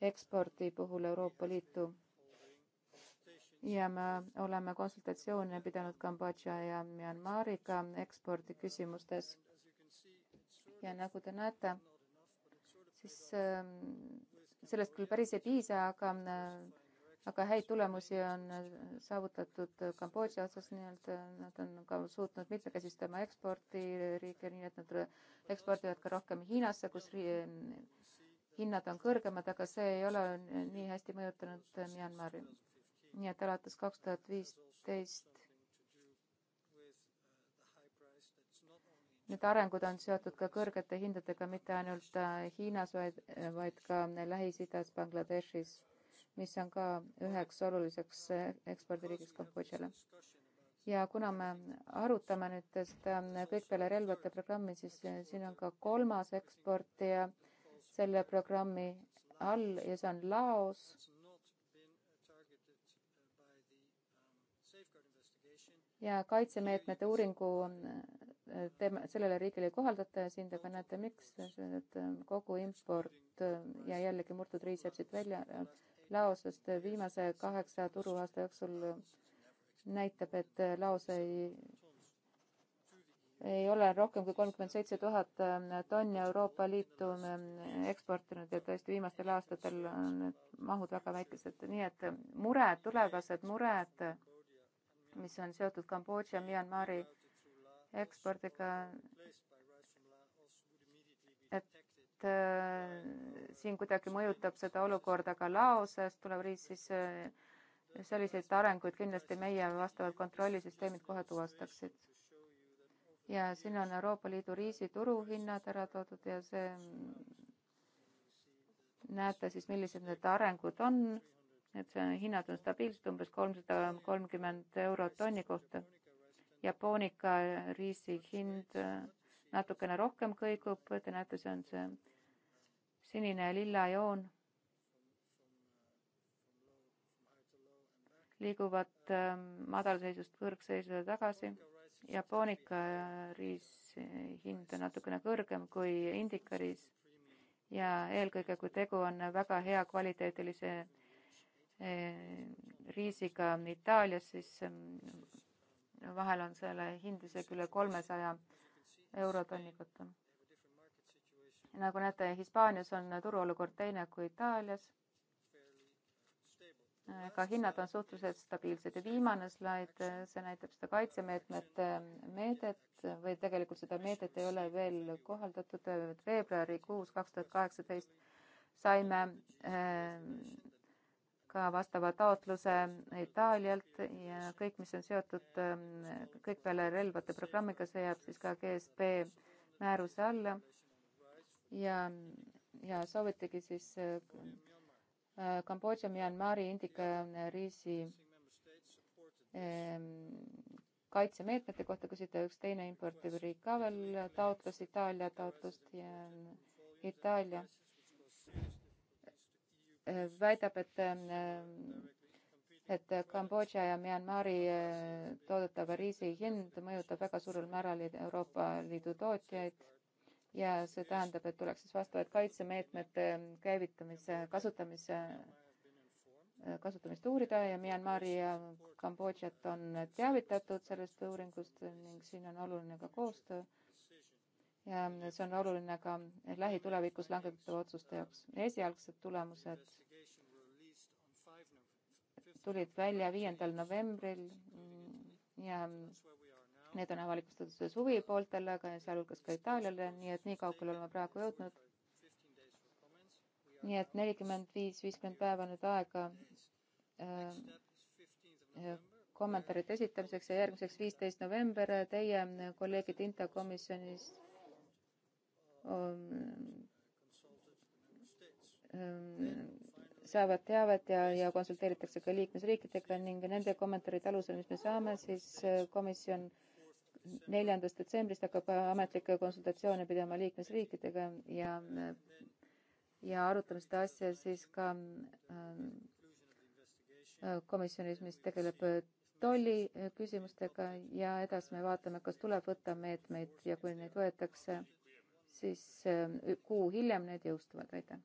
ekspordi puhul Euroopa Liitu. ja me oleme konsultatsioone pidanud Kambodža ja Myanmariga ekspordi küsimustes. ja nagu te näete, siis ähm, sellest küll päris ei piisa, aga, äh, aga häid tulemusi on äh, saavutatud Kambodža otsas, nii-öelda äh, nad on ka suutnud mitmekesistama ekspordiriike, nii et nad ekspordivad ka rohkem Hiinasse, kus hinnad on kõrgemad, aga see ei ole nii hästi mõjutanud äh, Myanmari. nii et alates kaks tuhat viisteist Need arengud on seotud ka kõrgete hindadega, mitte ainult äh, Hiinas, vaid, äh, vaid ka Lähis-Idas, Bangladeshis, mis on ka üheks oluliseks ekspordiriigiks Kambodžale. ja kuna me arutame nüüd seda kõik peale relvade programmi, siis siin on ka kolmas eksportija selle programmi all ja see on Laos. ja kaitsemeetmete uuringu äh, teeme, sellele riigile ei kohaldata ja siin te ka näete, miks, et äh, kogu import äh, ja jällegi murtud riis jääb siit välja. Laosest viimase kaheksa turuaasta jooksul näitab, et Laos ei ei ole rohkem kui kolmkümmend seitse tuhat ähm, tonni Euroopa Liitu ähm, eksportinud ja tõesti viimastel aastatel on need mahud väga väikesed, nii et ähm, mured, tulevased mured, mis on seotud Kambodža, Myanmari ekspordiga, et äh, siin kuidagi mõjutab seda olukorda ka Laoses tulev riis, siis äh, selliseid arenguid kindlasti meie vastavad kontrollisüsteemid kohe tuvastaksid ja siin on Euroopa Liidu riisi turuhinnad ära toodud ja see, näete siis, millised need arengud on, et see hinnad on stabiilsed, umbes kolmsada kolmkümmend eurot tonni kohta. ja poonika riisi hind äh, natukene rohkem kõigub, te näete, see on see sinine ja lilla joon liiguvad ähm, madalseisust kõrgseisu tagasi jaapaanikaris eh, hind on natukene kõrgem kui indikaris ja eelkõige, kui tegu on väga hea kvaliteedilise eh, riisiga Itaalias, siis mm, vahel on selle hind isegi üle kolmesaja euro tonni kohta. nagu näete, Hispaanias on turuolukord teine kui Itaalias ka hinnad on suhteliselt stabiilsed ja viimane slaid, see näitab seda kaitsemeetmete meedet või tegelikult seda meedet ei ole veel kohaldatud, veebruarikuus kaks tuhat kaheksateist saime eh, ka vastava taotluse Itaalialt ja kõik, mis on seotud eh, kõik peale relvade programmiga, see jääb siis ka GSP määruse alla ja, ja soovitigi siis eh, Kambodža, Myanmari, Indika, riisi ehm, kaitsemeetmete kohta küsida üks teine importiv riik ka veel taotles Itaalia taotlust ja Itaalia ehm, väidab, et, ehm, et Kambodža ja Myanmari toodetava riisi hind mõjutab väga suurel määral Euroopa Liidu tootjaid ja see tähendab, et tuleks siis vastavad kaitsemeetmete käivitamise, kasutamise, kasutamist uurida ja Myanmari ja Kambodžat on teavitatud sellest uuringust ning siin on oluline ka koostöö. ja see on oluline ka lähitulevikus langetatava otsuste jaoks. esialgsed tulemused tulid välja viiendal novembril ja Need on avalikustatud suvi pooltele, aga sealhulgas ka Itaaliale, nii et nii kaugele oleme praegu jõudnud. nii et nelikümmend viis, viiskümmend päeva nüüd aega äh, äh, kommentaaride esitamiseks ja järgmiseks viisteist november teie kolleegid Inta komisjonis on, um, um, saavad teavet ja, ja konsulteeritakse ka liikmesriikidega ning nende kommentaaride alusel, mis me saame, siis äh, komisjon neljandast detsembrist hakkab ametlikke konsultatsioone pidama liikmesriikidega ja, ja arutame seda asja siis ka äh, komisjonis, mis tegeleb tolli küsimustega ja edasi me vaatame, kas tuleb võtta meetmeid ja kui neid võetakse, siis äh, kuu hiljem need jõustuvad, aitäh.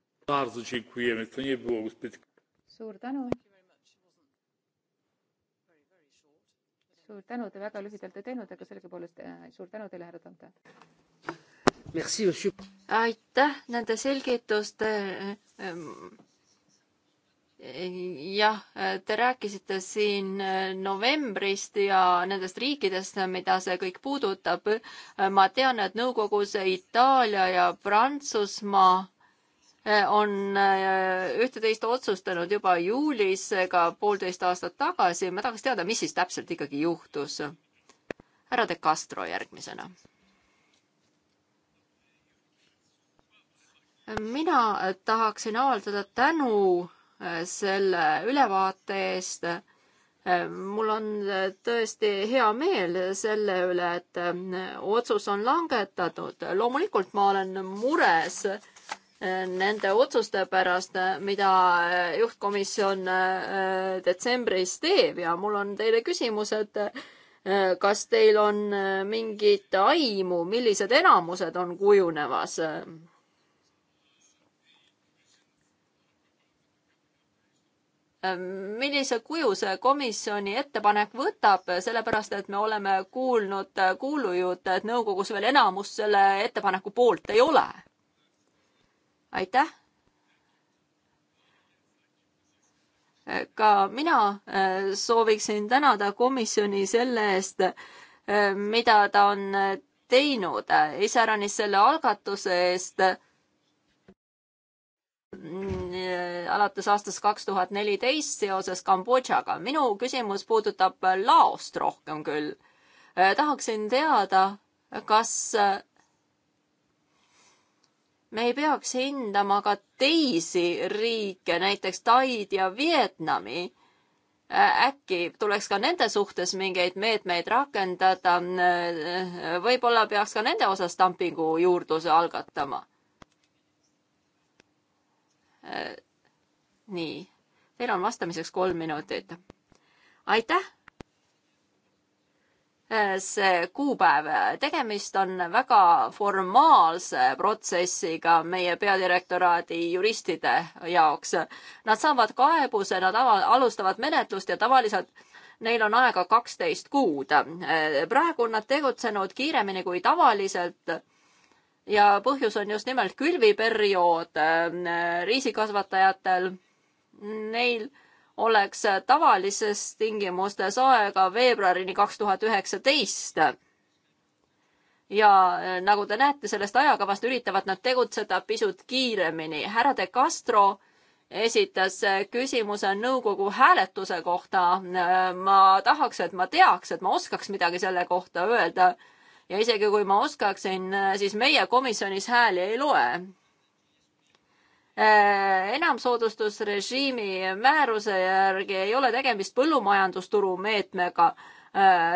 suur tänu. suur tänu, te väga lühidalt ei teinud, aga sellegipoolest äh, suur tänu teile, härra Tante. aitäh nende selgituste. Äh, ähm, äh, jah, te rääkisite siin novembrist ja nendest riikidest, mida see kõik puudutab. ma tean, et nõukogus Itaalia ja Prantsusmaa on äh, ühte-teist otsustanud juba juulis ega poolteist aastat tagasi. ma tahaks teada, mis siis täpselt ikkagi juhtus. härra De Castro järgmisena. mina tahaksin avaldada tänu äh, selle ülevaate eest. mul on äh, tõesti hea meel selle üle, et otsus on langetatud. loomulikult ma olen mures nende otsuste pärast, mida äh, juhtkomisjon äh, äh, detsembris teeb ja mul on teile küsimus, et kas teil on mingit aimu, millised enamused on kujunemas? millise kuju see komisjoni ettepanek võtab, sellepärast et me oleme kuulnud kuulujutte, et nõukogus veel enamust selle ettepaneku poolt ei ole aitäh. ka mina äh, sooviksin tänada komisjoni selle eest, äh, mida ta on äh, teinud, iseäranis selle algatuse eest mm, alates aastast kaks tuhat neliteist seoses Kambodžaga. minu küsimus puudutab Laost rohkem küll. tahaksin teada, kas me ei peaks hindama ka teisi riike, näiteks Taid ja Vietnami. äkki tuleks ka nende suhtes mingeid meetmeid rakendada. võib-olla peaks ka nende osas dumpingu juurdluse algatama. nii, teil on vastamiseks kolm minutit. aitäh Äh, see kuupäev. tegemist on väga formaalse protsessiga meie peadirektoraadi juristide jaoks. Nad saavad kaebuse, nad ava-, alustavad menetlust ja tavaliselt neil on aega kaksteist kuud. Äh, praegu on nad tegutsenud kiiremini kui tavaliselt ja põhjus on just nimelt külviperiood äh, riisikasvatajatel. Neil oleks tavalises tingimustes aega veebruarini kaks tuhat üheksateist. ja eh, nagu te näete, sellest ajakavast üritavad nad tegutseda pisut kiiremini. härra de Castro esitas eh, küsimuse nõukogu hääletuse kohta. Eh, ma tahaks, et ma teaks, et ma oskaks midagi selle kohta öelda. ja isegi kui ma oskaksin, siis meie komisjonis hääli ei loe Äh, enamsoodustusrežiimi määruse järgi ei ole tegemist põllumajandusturu meetmega. Äh,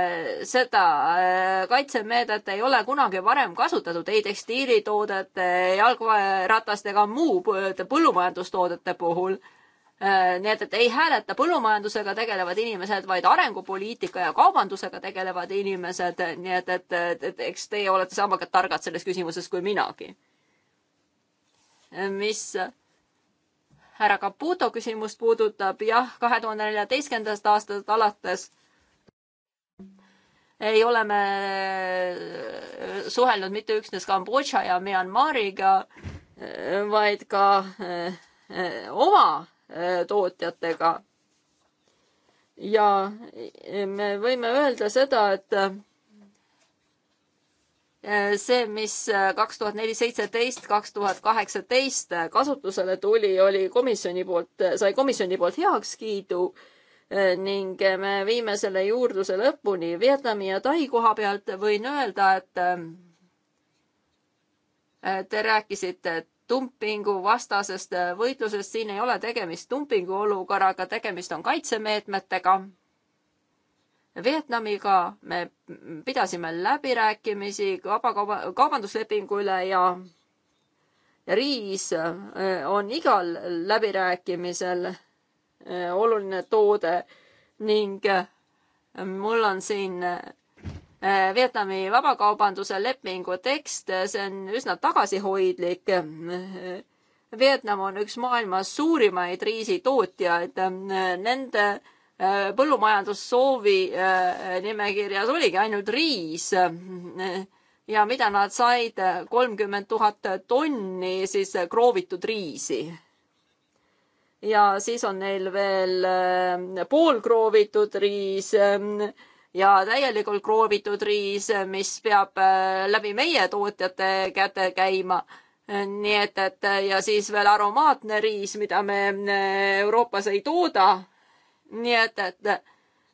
seda äh, kaitsemeedet ei ole kunagi varem kasutatud ei tekstiilitoodete, jalgrataste ega muu põllumajandustoodete puhul nii et, et ei hääleta põllumajandusega tegelevad inimesed, vaid arengupoliitika ja kaubandusega tegelevad inimesed, nii et, et, et eks teie olete sama targad selles küsimuses kui minagi mis härra Caputo küsimust puudutab, jah, kahe tuhande neljateistkümnendast aastast alates ei ole me äh, suhelnud mitte üksnes Kambodža ja Myanmariga, äh, vaid ka äh, oma tootjatega. ja me võime öelda seda, et Äh, see, mis äh, kaks tuhat neli, seitseteist, kaks tuhat kaheksateist äh, kasutusele tuli, oli komisjoni poolt, sai komisjoni poolt heakskiidu ning me viime selle juurdluse lõpuni. Vietnami ja Tai koha pealt võin öelda, et te rääkisite dumpingu vastasest võitlusest, siin ei ole tegemist dumpingu olukorraga, tegemist on kaitsemeetmetega Vietnamiga me pidasime läbirääkimisi vabakauba, kaubanduslepingu üle ja riis eh, on igal läbirääkimisel eh, oluline toode ning eh, mul on siin Vietnami vabakaubanduse lepingu tekst, see on üsna tagasihoidlik. Vietnam on üks maailma suurimaid riisitootjaid, nende Äh, põllumajandussoovi äh, nimekirjas oligi ainult riis ja mida nad said, kolmkümmend tuhat tonni siis kroovitud riisi. ja siis on neil veel äh, poolkroovitud riis ja täielikult kroovitud riis, mis peab läbi meie tootjate käte käima nii et, et ja siis veel aromaatne riis, mida me Euroopas ei tooda nii et, et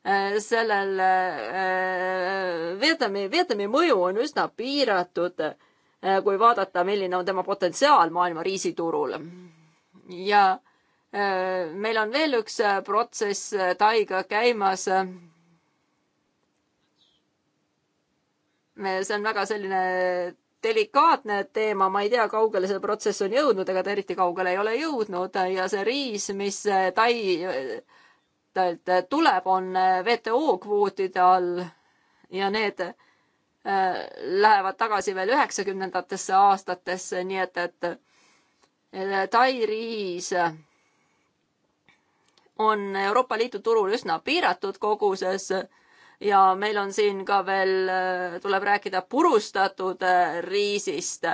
äh, sellel äh, Vietnami, Vietnami mõju on üsna piiratud, äh, kui vaadata, milline on tema potentsiaal maailma riisiturul. ja meil on veel üks protsess Taiga käimas. see on väga selline delikaatne teema, ma ei tea, kaugele see protsess on jõudnud, ega ta eriti kaugele ei ole jõudnud ja see riis, mis Tai Liidult tuleb, on WTO kvootide all ja need äh, lähevad tagasi veel üheksakümnendatesse aastatesse, nii et, et Tai riis on Euroopa Liidu turul üsna piiratud koguses ja meil on siin ka veel, äh, tuleb rääkida purustatud äh, riisist,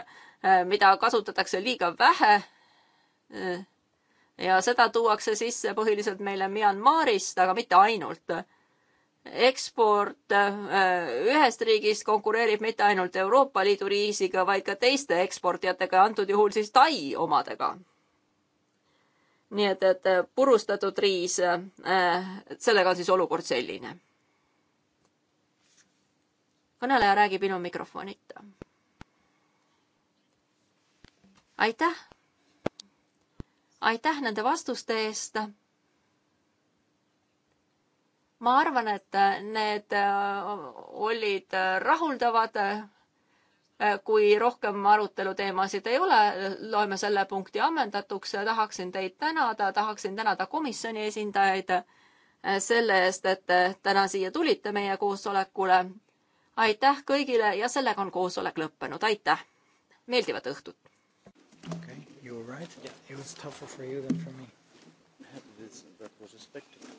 mida kasutatakse liiga vähe ja seda tuuakse sisse põhiliselt meile Myanmarist, aga mitte ainult. eksport äh, ühest riigist konkureerib mitte ainult Euroopa Liidu riisiga, vaid ka teiste eksportijatega, antud juhul siis Tai omadega. nii et, et äh, purustatud riis, et äh, sellega on siis olukord selline. kõneleja räägib ilma mikrofonita. aitäh aitäh nende vastuste eest. ma arvan, et need äh, olid äh, rahuldavad. Äh, kui rohkem aruteluteemasid ei ole, loeme selle punkti ammendatuks. tahaksin teid tänada, tahaksin tänada komisjoni esindajaid selle eest, et täna siia tulite meie koosolekule. aitäh kõigile ja sellega on koosolek lõppenud, aitäh. meeldivat õhtut okay.! right? Yeah. It was tougher for you than for me. This, that was a spectacle.